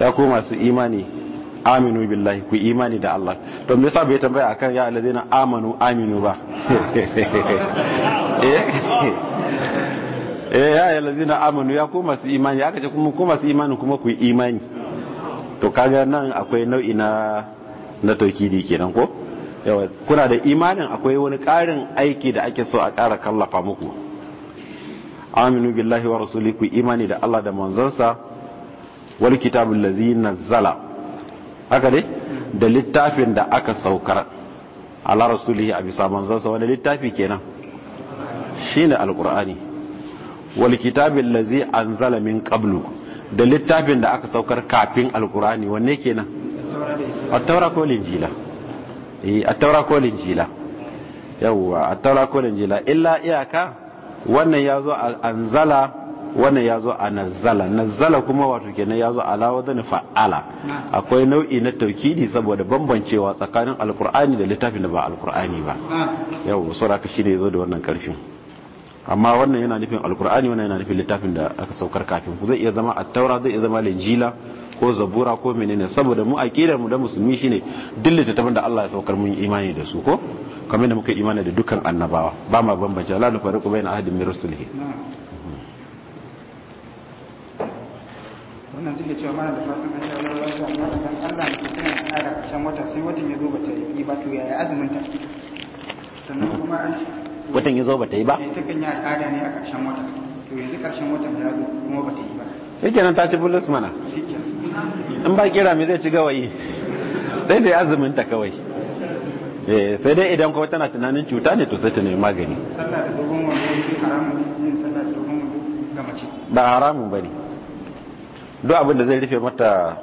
ya ku masu imani aminu billahi ku imani da Allah to me yasa bai tambaya akan ya allazina amanu aminu ba eh, eh ya allazina amanu ya ku masu imani aka ce kuma ku masu imani kuma ku imani to kaga nan akwai nau'i na na di kenan ko yawa kuna da imanin akwai wani karin aiki da ake so a ƙara kallafa muku aminu billahi wa rasuli ku imani da Allah da manzansa wal kitabu ladzi nazzala haka ne da littafin da aka saukar ala rasulihi a bisa manzansa wani littafi kenan shine alqur'ani wal kitabil ladzi anzala min qablu da littafin da aka saukar kafin alqur'ani wanne kenan at-taura ko injila eh at-taura ko injila yawa at-taura ko injila illa iyaka wannan yazo anzala wannan ya zo a nazala nazala kuma wato kenan ya zo ala wazani fa'ala akwai nau'i na taukidi saboda bambancewa tsakanin alkur'ani da littafin da ba alkur'ani ba yau sura ka shine zo da wannan karfin amma wannan yana nufin alkur'ani wannan yana nufin littafin da aka saukar kafin ku zai iya zama taura zai iya zama linjila ko zabura ko menene saboda mu aqidar mu da musulmi shine duk littafin da Allah ya saukar mun imani da su ko kamar da muka imani da dukkan annabawa ba ma bambance la nufariqu baina ahadin min rusulihi wannan suke cewa mana da fatan an amma da Allah mutum tana wata sai watan ya zo bata yi ba to yaya azumin ta sannan kuma an watan ya zo yi ba eh, ne a wata to yanzu watan ya zo kuma yi ba ta ci bulus mana in ba kira me zai ci gawayi Sai dai azumin ta kawai eh sai dai idan kuma tana tunanin cuta ne to sai ta nemi magani sallah da dogon haramun yin sallah da dogon ga mace ba haramun bane duk abin da zai rufe mata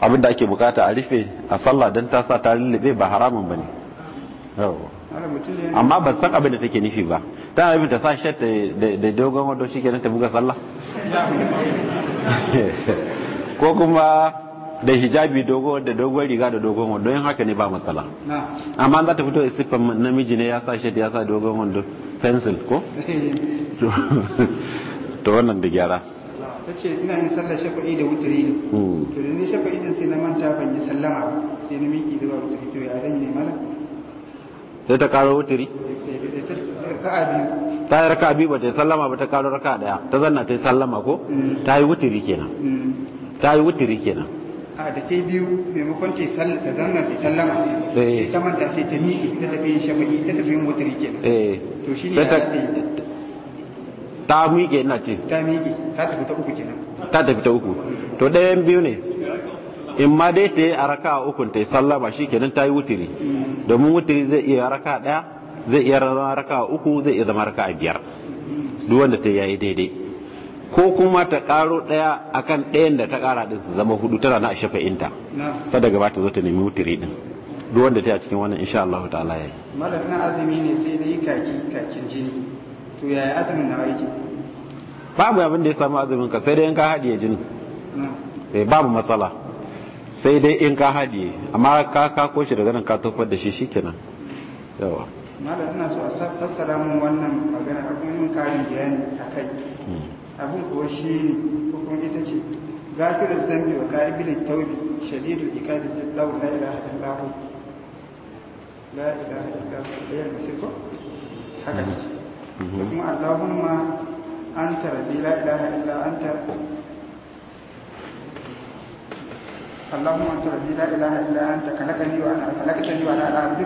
abin da ake bukata a rufe a sallah don ta sa ta lullube ba haramun ba ne amma ba san abin da take nufi ba ta rufe ta sa shi da dogon wado shi kenan ta buga sallah ko kuma da hijabi dogo da dogon riga da dogon wando yin haka ne ba matsala amma za ta fito isifan namiji ne ya sa shi ya sa dogon wando pencil ko to wannan da gyara ta ce ina yin sallar shafa'i da wuturi ne hmm. to da ni shafa'i din sai na manta ban yi sallama sai na miki zuwa wuturi to ya dan yi ne mala sai ta karo wuturi eh, eh, eh, ta yi raka biyu ba ta yi sallama ba ta karo raka daya ta zanna ta yi sallama ko hmm. ta yi wuturi kenan hmm. ta yi wuturi kenan a da ke biyu maimakon ce ta zanna ta yi sallama ta manta sai ta miƙe ta tafi yin shafa'i ta tafi yin wuturi kenan to shi ne ya ta ta miƙe ina ce ta miƙe ta tafi ta uku kenan ta tafi ta uku to ɗayan biyu ne in ma dai ta yi a raka ukun ta yi sallama shi kenan ta yi wutiri domin wutiri zai iya raka ɗaya zai iya zama a uku zai iya zama raka biyar duk wanda ta yayi daidai ko kuma ta karo ɗaya akan ɗayan da ta kara din su zama hudu tana na shafa'inta sai daga ba ta zo ta nemi wutiri din duk wanda ta yi a cikin wannan insha Allah ta'ala yayi malamin azumi ne sai da yi kaki kakin jini to yi azumin na yake babu abin da ya samu azumin ka sai dai in ka haɗiye jinin hmm. eh babu matsala sai dai in ka haɗiye amma ka ka koshi daga nan ka tofar da shi shikenan yawa malam ina so a fassara mun wannan magana a kuma yin karin bayani akai hmm. abin kuwa shi ne ko kuma ita ce gafir zambi wa kaibil tawbi shadidul ikabi zillahu la ilaha illahu la ilaha illahu ɗayar masirko haka ne kuma allahumma an tarabi la'ilaha tarabi la'ilaha na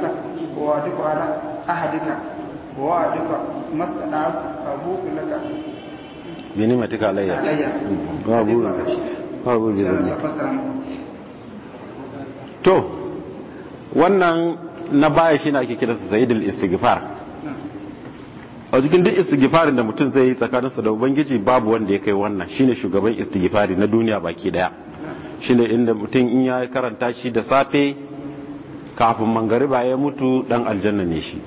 wa ala ahadika wa masana abu gini mai tuka alayya mm-hmm. to wannan na baya shi na ake kira sa zaidul istighfar a cikin duk istighfarin da mutum zai yi tsakaninsa da ubangiji babu wanda ya kai wannan shine shugaban istighfari na duniya baki daya shine inda mutum in ya karanta shi da safe kafin mangariba ya mutu dan aljanna ne shi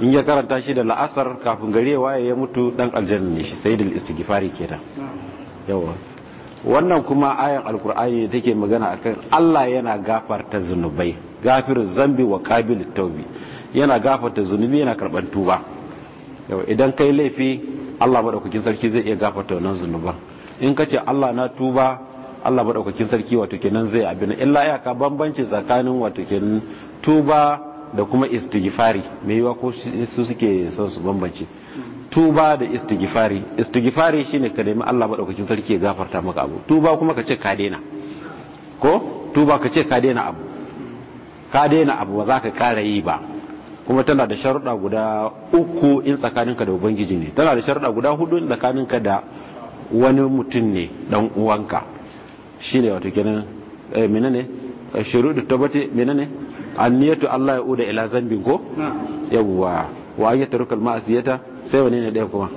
in ya karanta shi da la'asar kafin gare waye ya mutu dan aljanna ne shi sai da istighfari kenan yawa wannan kuma ayan alkur'ani da take magana akan Allah yana gafarta zunubai gafiru zambi wa qabilut tawbi yana gafarta zunubi yana karban tuba yau idan kai laifi Allah maɗaukakin sarki zai iya gafarta wannan zunuban in ka ce Allah na tuba Allah maɗaukakin sarki wato kenan zai abin illa ya ka bambanci tsakanin wato kenan tuba da kuma istighfari me yiwa ko su suke son su bambance tuba da istighfari istighfari shine ka nemi Allah maɗaukakin sarki ya gafarta maka abu tuba kuma ka ce ka daina ko tuba ka ce ka daina abu ka daina abu ba za ka kara yi ba kuma tana da sharuɗa guda uku in tsakaninka da ubangiji ne tana da sharuɗa guda hudu in tsakaninka da wani mutum ne dan uwanka ne wato kenan eh menene eh, shuruɗu tabbati an niyatu Allah ya uda ila zambin ko yawwa wa an yatruka al ma'siyata sai wani ne ɗaya kuma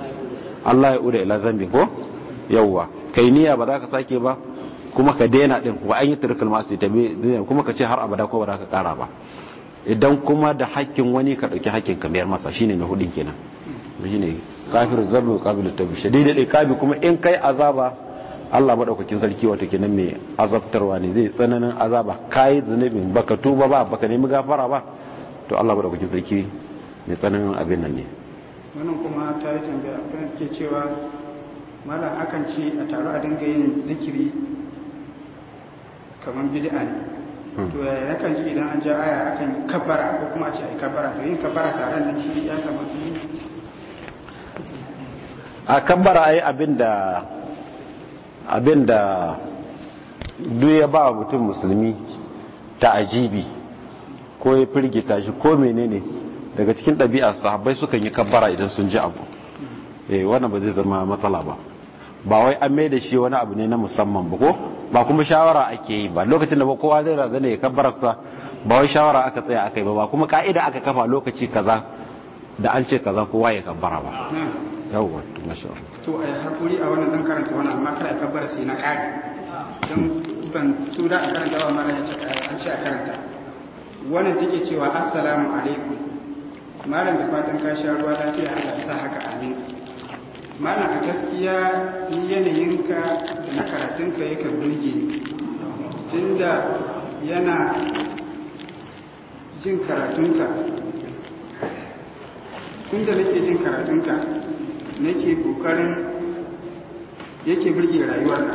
Allah ya uda ila zambin ko yawwa kai niyya ba za ka sake ba kuma ka daina din wa an yatruka al ma'siyata kuma ka ce har abada ko ba za ka kara ba idan kuma da hakkin wani ka dauki hakkin ka mayar masa shine na hudin kenan shi ne kafir wa qabilu tabi dai iqabi kuma in kai azaba Allah madaukakin sarki wato kenan mai azabtarwa ne zai tsananin azaba kai zunubin baka tuba ba baka nemi gafara ba to Allah madaukakin sarki mai tsananin abin nan ne wannan kuma ta yi tambaya kan ke cewa mala akan ce a taro a dinga yin zikiri kamar bid'a ne Hmm. to ya eh, kan ji idan an ja aya akan kabara ko kuma a ce ai kabara to yin kabara tare nan shi ya kamata yi a kabara ai abinda abinda duk ya ba mutum musulmi ta ajibi ko ya firgita shi ko menene daga cikin ɗabi'a sahabbai sukan yi kabara idan sun ji abu eh wannan ba zai zama matsala ba ba wai an mai da shi wani abu ne na musamman ba ko ba kuma shawara ake yi ba lokacin da kowa zai razana ya kabbararsa ba wai shawara aka tsaya aka yi ba ba kuma ka'ida aka kafa lokaci kaza da an ce kaza kowa ya kabbara ba yawwa to masha Allah to ai hakuri a wannan dan karanta wannan amma kada kabbara sai na kare dan ban su da a karanta ba mana yace an ce a karanta wannan take cewa assalamu alaikum malam da fatan ka sha ruwa lafiya Allah ya sa haka amin mana a gaskiya ni yanayinka da na karatunka ya birge ni tunda yana jin karatunka tunda nake jin karatunka nake kokarin yake burge rayuwarka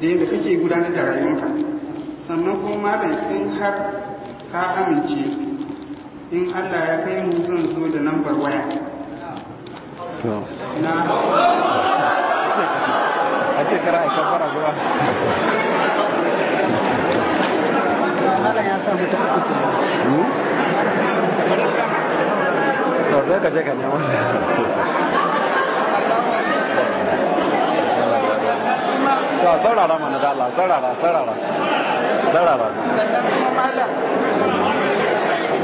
da yadda kake gudanar da rayuwarka sannan kuma malam in har ka amince in allah ya kai mu zan zo da lambar waya a ce kara a ta kuce hmm? to sai ka je ka nemo to saurara mana da Allah saurara saurara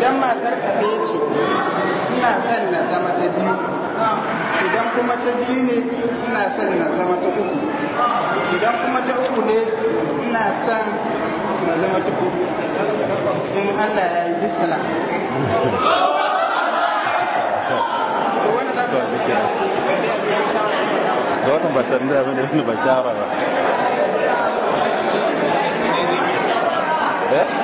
idan matar ka ɗaya ce ina son na zama ta biyu idan kuma ta biyu ne ina son na zama ta uku idan kuma ta uku ne ina son na zama ta uku in Allah ya yi bisala da wata batan da abin da wani ba shawara ba eh?